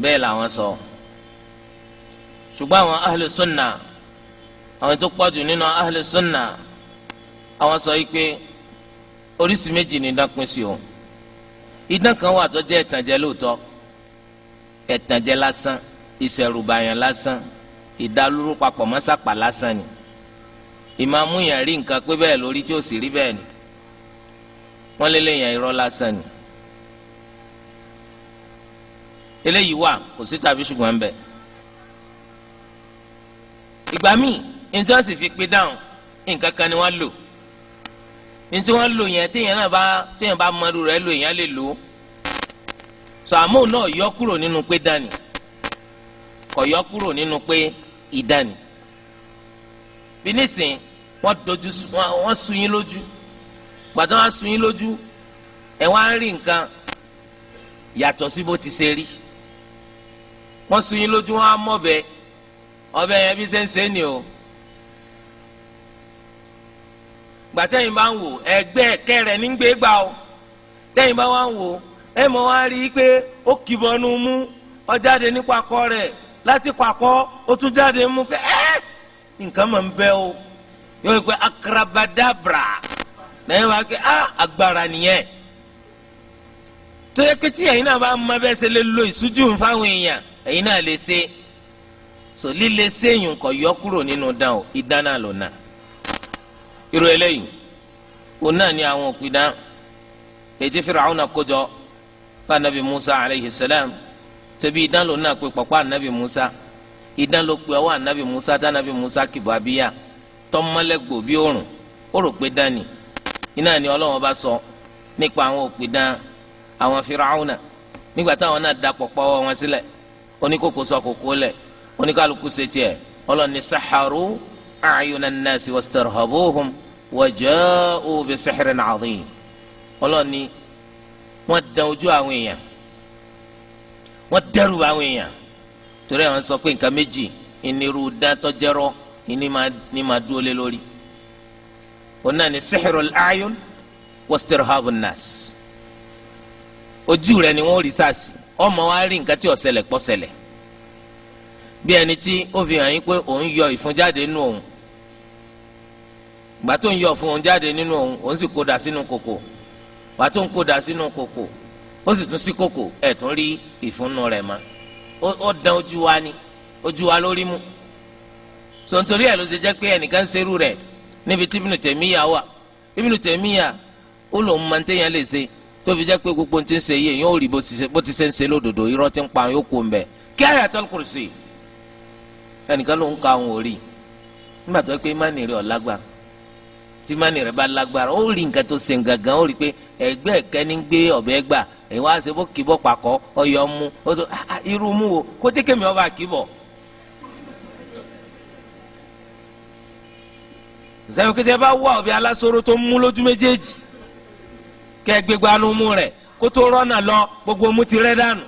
bẹ́ẹ̀ làwọn sọ ṣùgbọ́n àwọn ahlu sunna àwọn tó pọ̀jù nínú ahlu sunna àwọn sọ yìí pé oríṣi méjì ni idán pín sí o idán wà tó jẹ́ ìtànjẹ lóòótọ́ ẹ̀tànjẹ lásán ìṣẹ̀rùbàyàn lásán ìdálóró papọ̀ mọ́sàpà lásán ni ìmàmú yẹn rí nǹkan pé bẹ́ẹ̀ lórí tí ó sì rí bẹ́ẹ̀ ni wọ́n lé lẹ́yìn irọ́ lásán ni eléyìí wà kò sí tàbí ṣùgbọ́n ń bẹ̀. ìgbà míì ní wọ́n sì fi pé dáhùn nǹkan kan ni wọ́n lò ní wọ́n lò yẹn téèyàn náà bá téèyàn bá mọ́rú rẹ̀ lò yẹn lè lò ó sọ àmọ́ náà yọ kúrò nínú pé dání kò yọ kúrò nínú pé ìdání bí nísìn wọ́n dojú wọ́n sun yín lójú gbàtà wọ́n sun yín lójú ẹ̀ wọ́n á rí nǹkan yàtọ̀ sí bó ti ṣe rí wọ́n sun yín lójú wọ́n á mọ̀bẹ ọbẹ̀ yẹn bí sẹ́ńsẹ́ ni o gbàtẹ́yìn bá ń wò ẹgbẹ́ kẹrẹ̀ nígbẹ́gbà o tẹ́yìn bá wà ń wò. e mọ̀ wá rí i pé ó kìbọnú mú ó jáde ní kwakọ rẹ̀ láti kwakọ ó tún jáde mú pé o yóò pé akarabadabra lẹ́yìn wá pé á agbára nìyẹn tó yẹ pé tí ẹ̀yin náà bá mọ ṣe lè lo ìṣújú fáwọn èèyàn ẹ̀yin náà lè ṣe so líle séyìn kò yọ kúrò nínú dán o ìdáná irú eléyìí òun náà ni àwọn fún anabi musa alayhi salam ṣebí idán ló náà pé pọ̀pọ̀ anabi musa idán ló pé ọwọ́ anabi musa tá anabi musa kìbọ abíyá tọ́mọ́lẹ́gbò bí òrùn ó rò pé dání iná ni ọlọ́wọ́n bá sọ nípa àwọn òpìdán àwọn firawuna nígbà táwọn náà da pọ̀pọ̀ wọn sílẹ̀ oníkókó sọ kókó lẹ̀ oníkálukú ṣe tiẹ̀ ọlọ́ni saharu ayuna nasi wastarhabuhum waja'u bi sihirin adhim ọlọ́ni wọ́n dán ojú àwọn èèyàn àwọn èèyàn torí àwọn sọ pé nǹkan méjì ìnirú dátọ́jẹ́rọ́ ní máa dúró lé lórí òun náà ni sihirul ayun wastirhabun nas ojú rẹ ni wọn ò rí sàásì ọmọ wa rí nǹkan tí ó sẹlẹ̀ pọ̀ sẹlẹ̀ bí ẹni tí ó fi hàn yín pé òun yọ ìfun jáde nínú òun ń yọ ìfun jáde nínú òun òun sì kó dà sínú wàá tún kó dà sínú kòkò ó sì tún sí kòkò ẹ̀ tún rí ìfúnnu rẹ̀ mọ́ ó dán ojú wa ni ojú wa lórí mu sọ̀ntorí ẹ̀ ló ṣe jẹ́ pé ẹnìkan ṣerú rẹ̀ níbi tí Ibn Taymiyyah wà Ibn Taymiyyah ó lòun máa ń téèyàn lè ṣe tó fi jẹ́ pé gbogbo ohun tí ń ṣe yìí èèyàn ò rí bó ti ṣe ń ṣe lódodo irọ́ ti ń pa yóò kó ń bẹ̀ kí Ayatul Kursi ẹnìkan ló ń ka òun ò nígbà tó pé ìmánì rẹ̀ ò lágbára tí ìmánì rẹ̀ bá lágbára ó rí nǹkan tó ṣe gangan ó rí pé egbe kẹ́ni gbé ọ̀bẹ gbà ẹ̀yin wá ṣe bó kìbọ̀ pàkọ́ ọyọ o ó tó ah, ah, irú mú wo kó tí kémi ọba kìbọ̀. sẹ́yìn kí bá wá ọ̀bẹ alásòro tó mú lójú méjèèjì kẹ́ gbégbá nu mú rẹ̀ kó tó rọ́nà lọ gbogbo mú ti rẹ́ dànù.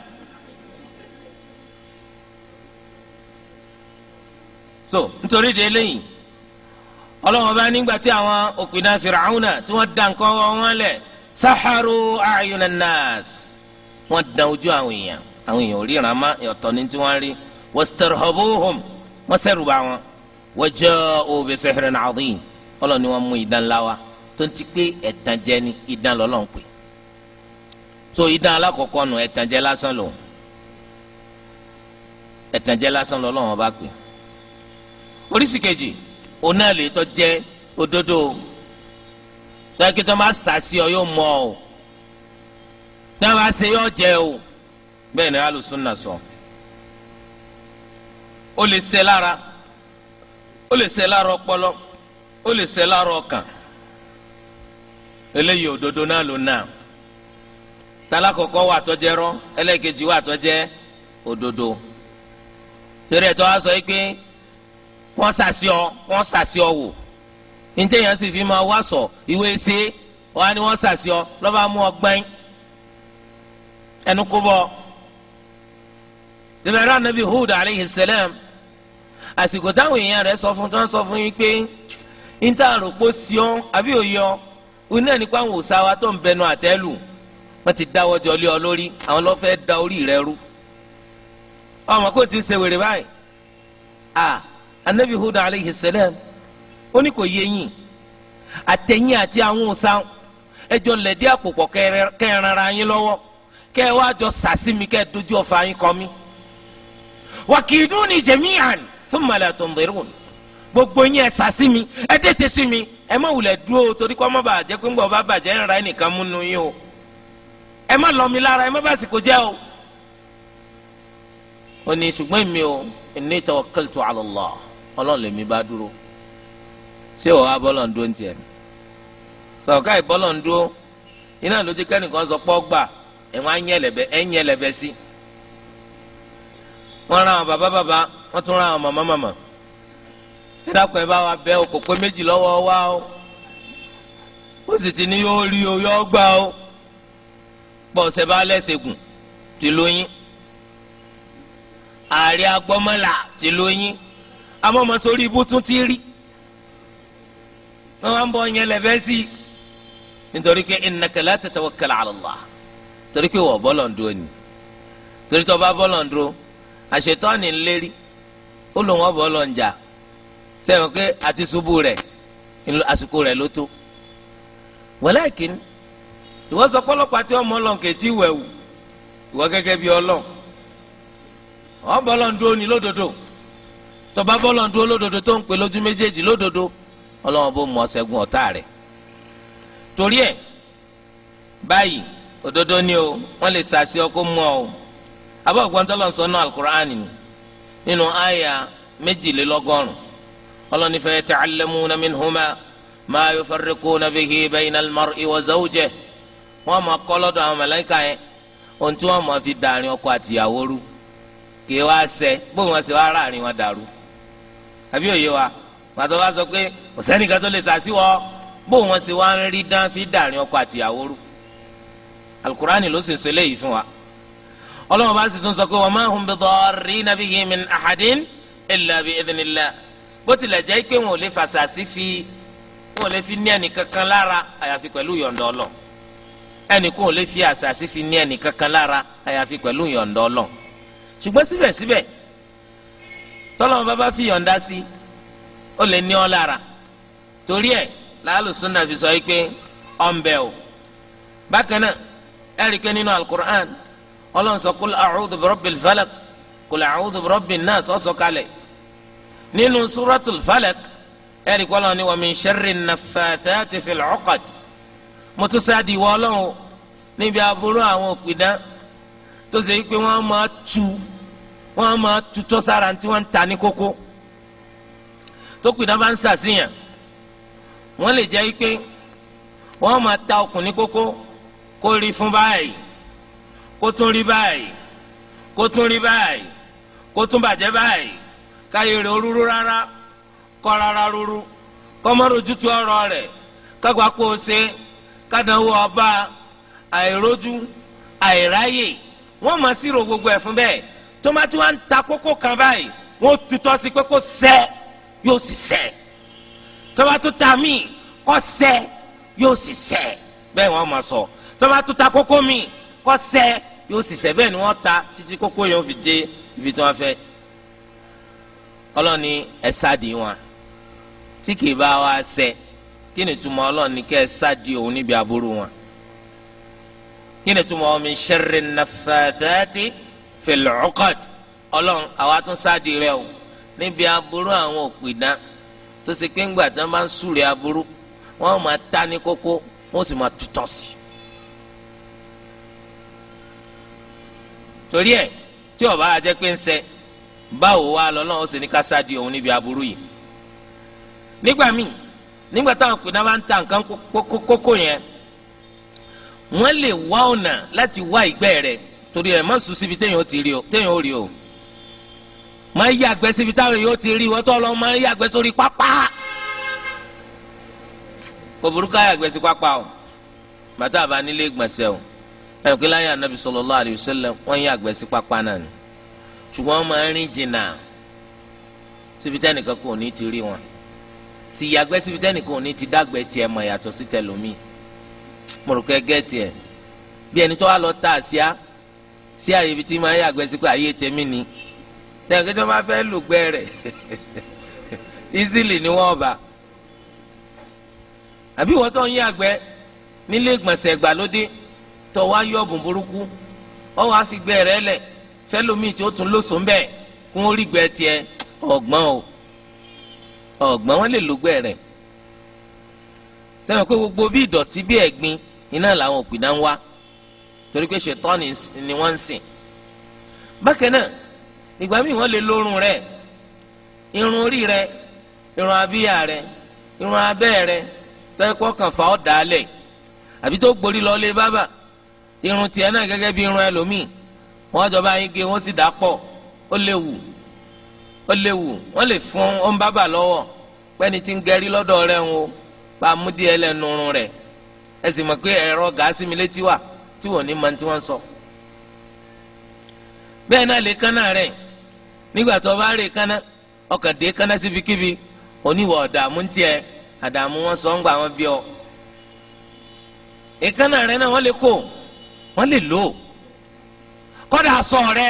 so nítorí de eléyìí ọlọ́wọ́n bá nígbà tí àwọn òpinna tí wọ́n nǹkan wọn saharu ayunan nas wọ́n dán ojú àwọn èèyàn àwọn èèyàn ò ríran má ọ̀tọ̀ ní tí wọ́n rí wastarhabuhum wọ́n sẹ́rù bá wọn waja'u bi sihrin adhim ọlọ́run ni wọ́n mú idán ńlá wa tó ń ti pé ẹ̀tàn jẹ ni idán lọ́lọ́run pè so idán alákọ̀ọ́kọ́ nù ẹ̀tàn jẹ lásán lòun ẹ̀tàn jẹ lásán lọ́lọ́run ọba pè oríṣìí kejì òun náà lè òdodo tọ́kí tó máa sàṣì ọ yóò mọ ọ tí wọ́n bá ṣe yóò jẹ o bẹ́ẹ̀ ni alùsùnà sọ ó lè ṣe lára ó lè ṣe lára ọpọlọ ó lè ṣe lára ọkàn eléyìí òdodo náà ló nà talakọkọ wà tọjẹ rọ ẹlẹ́kejì wà tọjẹ òdodo torí ẹ̀ tó wá sọ yìí pé wọ́n sàṣì ọ wọ́n sàṣì ọ wò ní téèyàn sì fi máa wá sọ ìwé ṣe wọ́n ni wọ́n sàṣọ lọ́ba mú ọgbẹ́n ẹnu kó bọ́ dèbẹ̀rẹ̀ anabi Hud aleyhi salam àsìkò táwọn èèyàn rẹ̀ sọ fún tí wọ́n sọ fún yín pé ń tà àròpọ̀ sí ọ́n àbí òye ọ́n òun náà nípa àwọn òòṣà wa tó ń bẹnu àtẹ́lù wọ́n ti dáwọ́ jọ lé ọ lórí àwọn ló fẹ́ da orí rẹ rú ọmọ kò tí ń ṣe wèrè báyìí ah anabi Hud aleyhi salam ó ní kò yé yín àtẹ̀yìn àti àwọn òsàn ẹjọ́ lẹ̀dí àpòpọ̀ kẹrànra yín lọ́wọ́ kẹ́ ẹ wá jọ sàsí mi kẹ́ ẹ dojú ọ̀fà yín kọ́ mi. wàkìdúnì jẹ̀míhàn fún màlẹ̀ tó ń bẹ̀rù gbogbo yín ẹ sàsí mi ẹ dẹ́tẹ̀ sí mi ẹ má wulẹ̀ dúró torí kọ́ má bàa jẹ́ pé ńgbọ̀ bá bàjẹ́ ńra ẹnìkan múnú yín o ẹ má lọ mi lára ẹ má bá sì kó jẹ́ o. ó ní ṣùgbọ́n mi ò ní tawakkaltu ala Allah ọlọ́run lèmi bá dúró ṣé wọ́n wá bọ́lọ̀ ń dúró ń tiẹ̀ sọ̀ká ìbọ́lọ̀ ń dúró iná ló ti kẹ́nìkan sọ pọ́ gbà ẹ̀wọ̀n á ń yẹ lẹ̀bẹ̀ ẹ̀ ń yẹ lẹ̀bẹ̀ sí. wọ́n ra àwọn bàbá bàbá wọ́n tún ra àwọn màmá màmá ẹ dákun ẹ bá wa bẹ o kò pé méjì lọ́wọ́ wa o ó sì ti ní yóò rí o yóò gbà o pọ̀ ṣẹ bá lẹ́sẹ̀gùn ti lóyún ààrẹ agbọ́mọlà ti lóyún amọ́mọ́sórí ibú tún ti rí wọn wá ń bọ yẹn lẹbẹ sí nítorí pé innaka la tatawakkal ala Allah torí pé wọ́n bọ́lọ̀ ń dúró ni torí tó bá bọ́lọ̀ ń dúró àṣetọ́ni ń lérí ó lò wọ́n bọ́lọ̀ ń jà sẹ́wọ̀n pé àti ṣubú rẹ̀ àsìkò rẹ̀ ló tó walakin ìwọ sọ pọ́lọ́pàá tí ọmọ ọlọ́n kẹ̀tì wẹ̀wù ìwọ gẹ́gẹ́ bí ọlọ́n ọ bọ́lọ̀ ń dúró ni lódodo tó bá bọ́lọ̀ ń dúró lódodo tó ń pè lójú méjèèjì lódodo ọlọ́run bó mọ̀ ṣẹ́gun ọ̀tá rẹ̀ torí ẹ̀ báyìí òdodo ni o wọ́n lè sàṣẹ ọkọ mú ọ o abọ́ gbọ́ntọ́lọ́ sọ náà alukur'an ni nínú àyà méjìlélọ́gọ́rùn ọlọ́ni fẹ́ ta'allamuna minhuma ma yufarriquna bihi bayna al-mar'i wa zawjihi wọ́n máa kọ́ lọ́dọ̀ àwọn màláíkà yẹn ohun tí wọ́n máa fi dàrin ọkọ àtìyàwó rú kì í wá ṣẹ bóun wọ́n ṣe wá ráàrin dàrú àbí òye wa pàtó wá sọ pé kò sẹ́nìkan tó lè sàṣìwọ́ bó wọn sì wá ń rí dán fi dàrin ọkọ àtìyàwó rú alukurani ló sì ń sọ eléyìí fún wa ọlọ́run bá sì tún sọ pé wa ma hum bidarrina bihi min ahadin illa bi idhnillah bó tilẹ̀ jẹ́ pé wọn ò lè fàṣàṣì fi wọn ò lè fi ní ẹnì kankan lára àyàfi pẹ̀lú yọ̀ǹda ọlọ́ ẹnì kò lè fi àṣàṣì fi ní ẹnì kankan lára àyàfi pẹ̀lú yọ̀ǹda ọlọ́ ṣùgbọ́n síbẹ̀síbẹ̀ tọ́lọ́run bá fi yọ̀ǹda sí i ó lè ní ọ lára torí ẹ làálùsúnà fi sọ yìí pé ọ̀nbẹ o bákan náà ẹ̀ríkẹ́ nínú alukur'an ọlọ́run sọ kul a'udhu birabbil falak kul a'udhu birabbin nas sọ́sọ́ kalẹ̀ nínú suratul falak ẹ̀ríkẹ́ ọlọ́run ni wa min sharri naffathati fil 'uqad mọ́tòsáàdì wọ ọlọ́run níbi aburú àwọn òpìdán tó ṣe pé wọ́n máa tu wọ́n máa tutọ́ sára tí wọ́n ń ta ní kókó tó kù iná bá ń sàṣìyàn wọ́n lè jẹ́ pé wọ́n máa ta ọkùnrin kókó kó rí fún báyìí kó tún rí báyìí kó tún rí báyìí kó tún bàjẹ́ báyìí káyé rẹ̀ orúrú rárá kọ́ rárá rúrú kọ́mọ́rojútu ọ̀rọ̀ rẹ̀ kágbá kó o ṣe kádàáwó ọba àìrójú àìráyè wọ́n máa ṣírò gbogbo ẹ̀ fún bẹ́ẹ̀ tó má ti wá ń ta kókó kan báyìí wọ́n tutọ́ sí pé kó sẹ́ẹ̀ yóò sì sẹ́ tọ́ba tó ta míì kọ́ sẹ́ yóò sì sẹ́ bẹ́ẹ̀ wọ́n máa sọ tọ́ba tó ta kókó míì kọ́ sẹ́ yóò sì sẹ́ bẹ́ẹ̀ ni wọ́n ta títí kókó yẹn fi dé ibi tí wọ́n fẹ́ ọlọ́ni ẹ̀ wọn tí kì í bá wa sẹ́ kí ni túmọ̀ ọlọ́ni kẹ́ ẹ̀ òun níbi àbúrò wọn kí ni túmọ̀ ọmọ ìṣẹ̀rẹ̀ nàfàdàtì fil uqad ọlọ́run àwa tún sáàdì rẹ o níbi aburú àwọn òpìdán tó ṣe pé ńgbà tí wọ́n bá ń súre aburú wọ́n máa ta ní kókó wọ́n sì máa tutọ́ sí i. torí ẹ̀ tí ọba ajẹ pé ń ṣe báwo wá lọ́nà ó sì ní ká sáàdì òun níbi aburú yìí. nígbà míì nígbà táwọn òpìdán bá ń ta nǹkan kókó yẹn wọ́n lè wá ọ̀nà láti wá ìgbẹ́ rẹ̀ torí ẹ̀ má sùn síbi téèyàn ó ti rí o téèyàn ó rí o máa ń yàgbẹ́ síbi táwọn yóò ti rí wọ́tọ́ lọ máa ń yàgbẹ́ sórí pápá kò burúkú àyàgbẹ́ sí pápá o bàtà àbá nílé ìgbọ̀nsẹ̀ o ẹnì pé láyé anabi sallallahu alayhi wa sallam wọ́n ń yàgbẹ́ sí pápá náà ni ṣùgbọ́n wọ́n máa ń rìn jìnnà síbi tẹ́nìkan kò ní ti rí wọn ti yàgbẹ́ síbi tẹ́nìkan ò ní ti dàgbẹ́ tiẹ̀ mọ̀ yàtọ̀ sí tẹlomi mo ni sẹ́yìn kí tó bá fẹ́ lùgbẹ́ rẹ̀ easily ni wọ́n bá àbí wọ́n tó ń yí àgbẹ́ nílé ìgbọ̀nsẹ̀ ìgbàlódé tó wá yọ ọ̀bùn burúkú ọ̀ wá fi gbẹ́ rẹ̀ lẹ̀ fẹ́lómi tí ó tún lóṣù ń kún orí gbẹ́ tiẹ̀ ọ̀gbọ́n o ọ̀gbọ́n wọn lè lùgbẹ́ rẹ̀ sẹ́yìn pé gbogbo bí ìdọ̀tí bí ẹ̀gbin iná làwọn òpìdá ń wá torí pé ṣètọ́ ni wọ́n ń sìn bákan náà ìgbà míì wọ́n lè lórun rẹ̀ irun orí rẹ̀ irun abíyá rẹ̀ irun abẹ́ rẹ̀ tẹ́kọ̀ kan fà ọ́ àbí tó gborí lọ bábà irun tiẹ̀ náà gẹ́gẹ́ bí irun ẹlòmíì wọ́n jọba yín gé wọ́n sì dà pọ̀ ó lè fún bábà tí ń gẹrí ń ẹ sì pé gàásì mi létí wà tí ní tí sọ náà nígbà tó bá rè kánná ọkàn dé kánná síbi kíbi oníwọ̀ ọ̀dààmú ń tiẹ̀ àdààmú wọn sọ ń gbà wọn bí ọ. èkánná rẹ náà wọ́n lè kó wọ́n lè lò ó kọ́dà aṣọ rẹ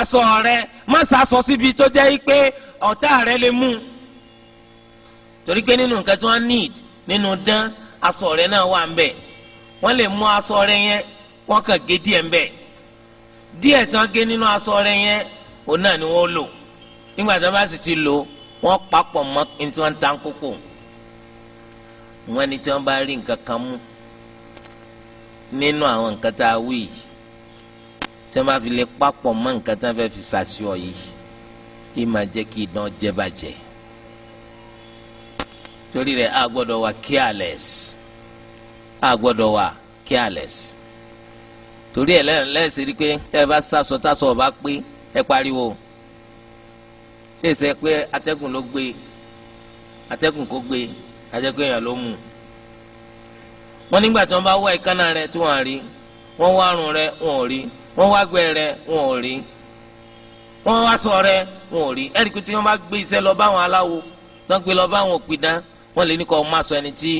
aṣọ rẹ má sàṣọ síbi tó jẹ́ pé ọ̀tá rẹ lè mú un torí pé nínú nǹkan tí wọ́n need nínú dán aṣọ rẹ náà wà ń bẹ̀ wọ́n lè mú aṣọ rẹ yẹn wọ́n kàn gé díẹ̀ ń bẹ̀ díẹ̀ gé nínú aṣọ rẹ yẹn o náà ni wọ́n lò nígbà tí wọ́n bá sì ti lò wọ́n papọ̀ mọ́ ní tí wọ́n ń ta kókò wọ́n ní tí wọ́n bá rí nǹkan kan mú nínú àwọn nǹkan tá a wí yìí tí wọ́n bá fi lè papọ̀ mọ́ nǹkan tí wọ́n fẹ́ fi ṣàṣọ yìí yìí máa jẹ́ kí idán jẹ́ bàjẹ́ torí rẹ̀ a gbọ́dọ̀ wà careless a gbọ́dọ̀ wà careless torí ẹ̀ lẹ́sìn rí pé tẹ́ ẹ bá sásọ tásọ ọba pé ẹ pariwo ṣèṣe pé atẹ́gùn ló gbé atẹ́gùn kó gbé atẹ́gùn èèyàn ló mú wọn nígbà tí wọn bá wá ìkánná rẹ tí wọn rí wọn wá rùn rẹ wọn ò rí wọn wá gbẹ rẹ wọn ò rí wọn wá sọ rẹ wọn ò rí ẹ̀rí pé wọn bá gbé iṣẹ́ lọ báwọn aláwo wọn gbé lọ báwọn òpìdán wọn lè ní kó ọmọ aṣọ ẹni tí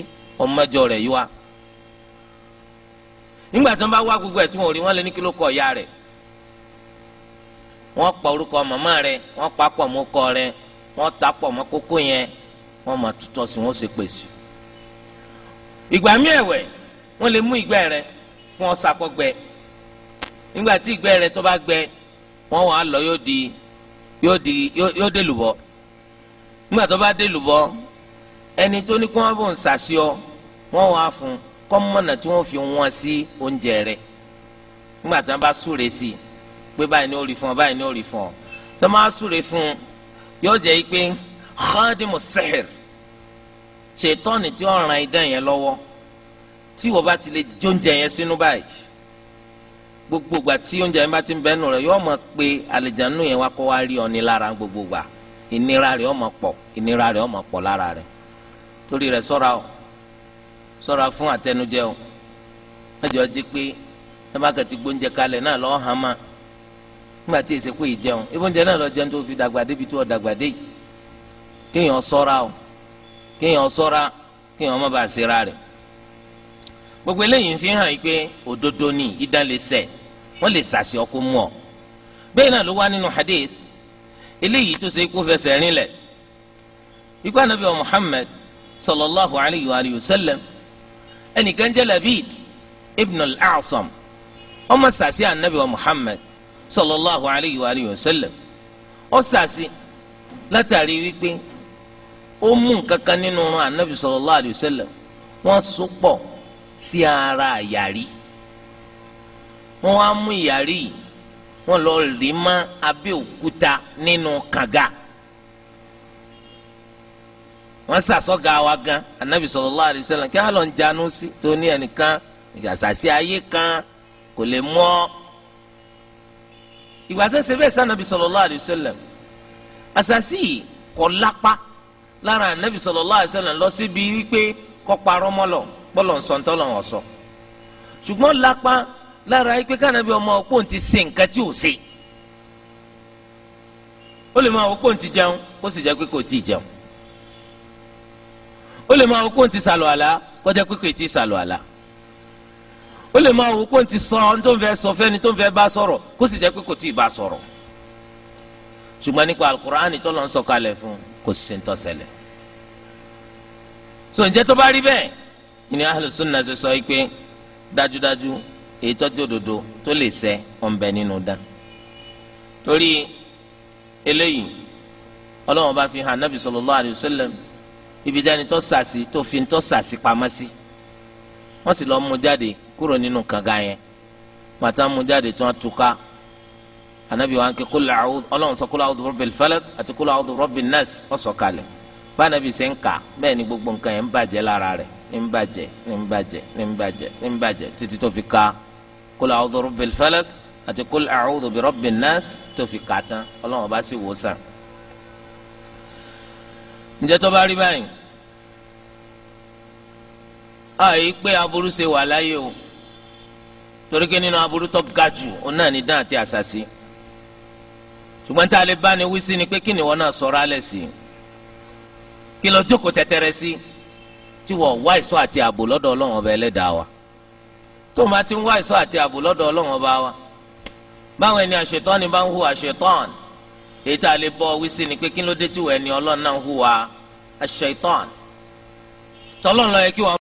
ọmọ rẹ yìí nígbà tí wọn bá wá gbogbo ẹ̀ tí wọn ò rí wọn lè ní kí ló kọ ìyá rẹ̀ wọ́n pa orúkọ màmá rẹ̀ wọ́n pa pọ̀ mọ́ kọ rẹ̀ wọ́n ta pọ̀ mọ́ kókó yẹn wọ́n máa tutọ́ sí wọ́n ṣe pèsè. ìgbà mí ẹ̀wẹ̀ wọ́n lè mú ìgbẹ́ rẹ̀ fún ọ sakọ gbẹ nígbà tí ìgbẹ́ rẹ̀ tó bá gbẹ wọ́n wà á lọ yóò di yóò di yóò dé lùbọ́ nígbà tó bá dé lùbọ́ ẹni tó ní kí wọ́n bò ń sàṣọ wọ́n wà á fún kọ́mọ́nà tí wọ́n fi wọ́n sí oúnjẹ rẹ̀ nígbà tí wọ́n bá súre sí i pé báyìí ni ó rí fún ọ báyìí ni ó rí fún ọ tó máa súre fún yóò jẹ́ pé xaadimu sehir ṣètọ́ni tí ó ràn idán yẹn lọ́wọ́ tí wọ́n bá ti lè jóúnjẹ yẹn sínú báyìí gbogbo ìgbà tí oúnjẹ yẹn bá ti ń bẹ́nu rẹ̀ yóò mọ̀ pé àlejànú yẹn wá kó wá rí ọ ní lára gbogbo ìgbà ìnira rẹ̀ ó máa pọ̀ ìnira rẹ̀ ó máa pọ̀ lára rẹ̀ torí rẹ̀ ṣọ́ra o ṣọ́ra fún àtẹnujẹ o wọ́n jọ jí pé ẹ bá kẹ́ ti gbóúnjẹ kalẹ̀ náà lọ́ọ́ hàn máa nígbà tí èsè pé ìjẹun ibi oúnjẹ náà lọ jẹun tó fi dàgbà débi tó dàgbà dé kéèyàn ṣọ́ra o kéèyàn ṣọ́ra kéèyàn má bàa ṣera rẹ̀ gbogbo eléyìí fi hàn yí pé òdodo ni idán lè ṣẹ̀ wọ́n lè ṣàṣì ọkọ mú ọ bẹ́ẹ̀ náà ló wá nínú hadith eléyìí tó ṣe kó fẹsẹ̀ rinlẹ̀ ikú anabi wa muhammad sallallahu alayhi wa alihi wa sallam ẹnìkan labid ibn al-a'sam ọmọ ṣàṣì anabi wa muhammad sallallahu alayhi wa alihi wa sallam ó sàṣì látàrí wípé ó mú nǹkan kan nínú ọrùn anabi sallallahu alayhi wa sallam wọ́n so pọ̀ sí ara àyàrí wọ́n á mú ìyàrí yìí wọ́n lọ rí mọ́ abẹ́ òkúta nínú kànga wọ́n sàsọgà wa gan anabi sallallahu alayhi wa sallam kí á ń janú sí tó ẹnìkan ìgbàsàsí ayé kan kò lè mú ọ. ìgbà tó ń ṣe bẹ́ẹ̀ sí anabi sallallahu alayhi àṣàṣì kò lápá lára anabi sallallahu alayhi wa lọ síbi wípé kọ́ parọ́ mọ́lọ̀ gbọ́lọ̀ nsọ̀ntọ́lọ̀ ọ̀sọ̀ ṣùgbọ́n lápá lára wípé kánabi ọmọ ọkùn ti se nǹkan tí ò se ó lè máa ti jẹun kó sì jẹ́ pé kò tí ì jẹun ó ti sàlọ̀ pé kò tí ó lè máa wò pé ń ti sọ ohun tó ń fẹ́ sọ fẹ́ni tó ń fẹ́ bá sọ̀rọ̀ kó sì jẹ́ pé kò tí ì bá sọ̀rọ̀ ṣùgbọ́n nípa alukur'ani tó lọ ń sọ̀kalẹ̀ fún kò sí ń tọ́sẹ̀lẹ̀ so ǹjẹ́ tó bá rí bẹ́ẹ̀ ni ahlùsùnà ṣe sọ pé dájúdájú èyí tọ́jú òdodo tó lè sẹ́ ọ̀nbẹ nínú dá torí eléyìí ọlọ́run bá fi hàn nábì sallallahu alayhi wa sallam ibi dání tó sàṣì tó fi tó sàṣì pamọ́ sí wọ́n sì lọ́ọ́ mú jáde kúrò nínú kànga yẹn màtá mu jáde tí wọ́n túká anabi wa ké kúlẹ̀ àwọn ọlọ́run sọ kúlẹ̀ àwọn rọ́bì falaq àti kúlẹ̀ àwọn rọ́bì nas ọ̀sọ̀ kalẹ̀ bá anabi ṣe ń kà bẹ́ẹ̀ ni gbogbo nǹkan yẹn ń bàjẹ́ lára rẹ̀ ń bàjẹ́ ń bàjẹ́ ń bàjẹ́ ń bàjẹ́ títí tó fi ka kúlẹ̀ àwọn rọ́bì falaq àti kúlẹ̀ àwọn rọ́bì nas tó fi kà tán ọlọ́run àyè pé aburú ṣe wà láyé o torí pé nínú aburú tó ga jù òun náà ní dán àti àṣàṣì ṣùgbọ́n tá a lè bá ni wí sí ni pé kí ni wọ́n náà sọ̀rọ̀ alẹ́ sí i kí lọ jókòó tẹ́tẹ́rẹ́ sí tí wọ́n wá ìṣọ́ àti ààbò lọ́dọ̀ ọlọ́run ọba ẹlẹ́dàá wa tó máa ti ń wá ìṣọ́ àti ààbò lọ́dọ̀ ọlọ́run ọba wa báwọn ẹni àṣetán ni bá ń hùwà àṣetán èyí tá a lè bọ́ wí sí ni pé kí ló dé tí wọ́n ẹni ọlọ́run náà ń hùwà àṣetán tọ́lọ́run ló yẹ kí wọ́n.